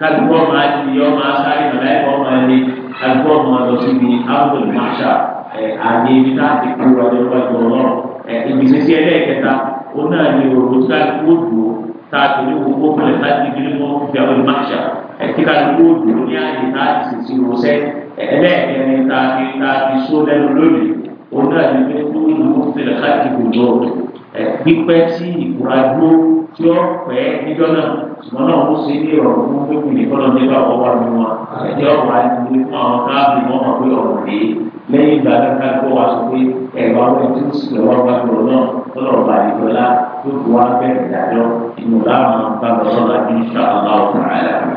kálukọ́ máa di yọ máa sáré màláìkọ́ máa lé kálukọ́ máa lọ síbi abdul masha ẹ̀ àmì ibi tá a ti kú ọjọ́ ìwájú ọlọ́run ẹ̀ ìgbésí ẹlẹ́ẹ̀kẹta ó náà ní òru kálukọ́ dùn ó táàtò ní gbogbo fúnlẹ̀ láti gbélé mọ́ fi àwọn ìmáṣà ẹ̀kíkà ló dùn ní àyè láti sèṣì rọ̀ṣẹ́ ẹlẹ́ẹ̀kẹrin tá a fi tá a fi só lẹ́nu lónìí òun náà ní pípẹ́ tí ìkura dúró tí ó pẹ́ níjọ́ náà ṣùgbọ́n náà ó ṣe ní ìrọ̀rùn fún pípé nìkan nígbà ọwọ́ ni wọn ẹ̀jẹ̀ ọ̀wá ni fún àwọn káàbì wọn mọ̀ pé ọ̀rọ̀ rèé lẹ́yìn ìgbà kẹta kó wa sọ pé ẹ̀wà wọn tí ó sì lọ́wọ́ bá lọ náà lọ́dọ̀ ọba ìjọlá tó fi wá bẹ́ẹ̀ dájọ́ ìmọ̀lá àwọn bá lọ sọ́la ní sàlá ọ̀tàn àlàyé.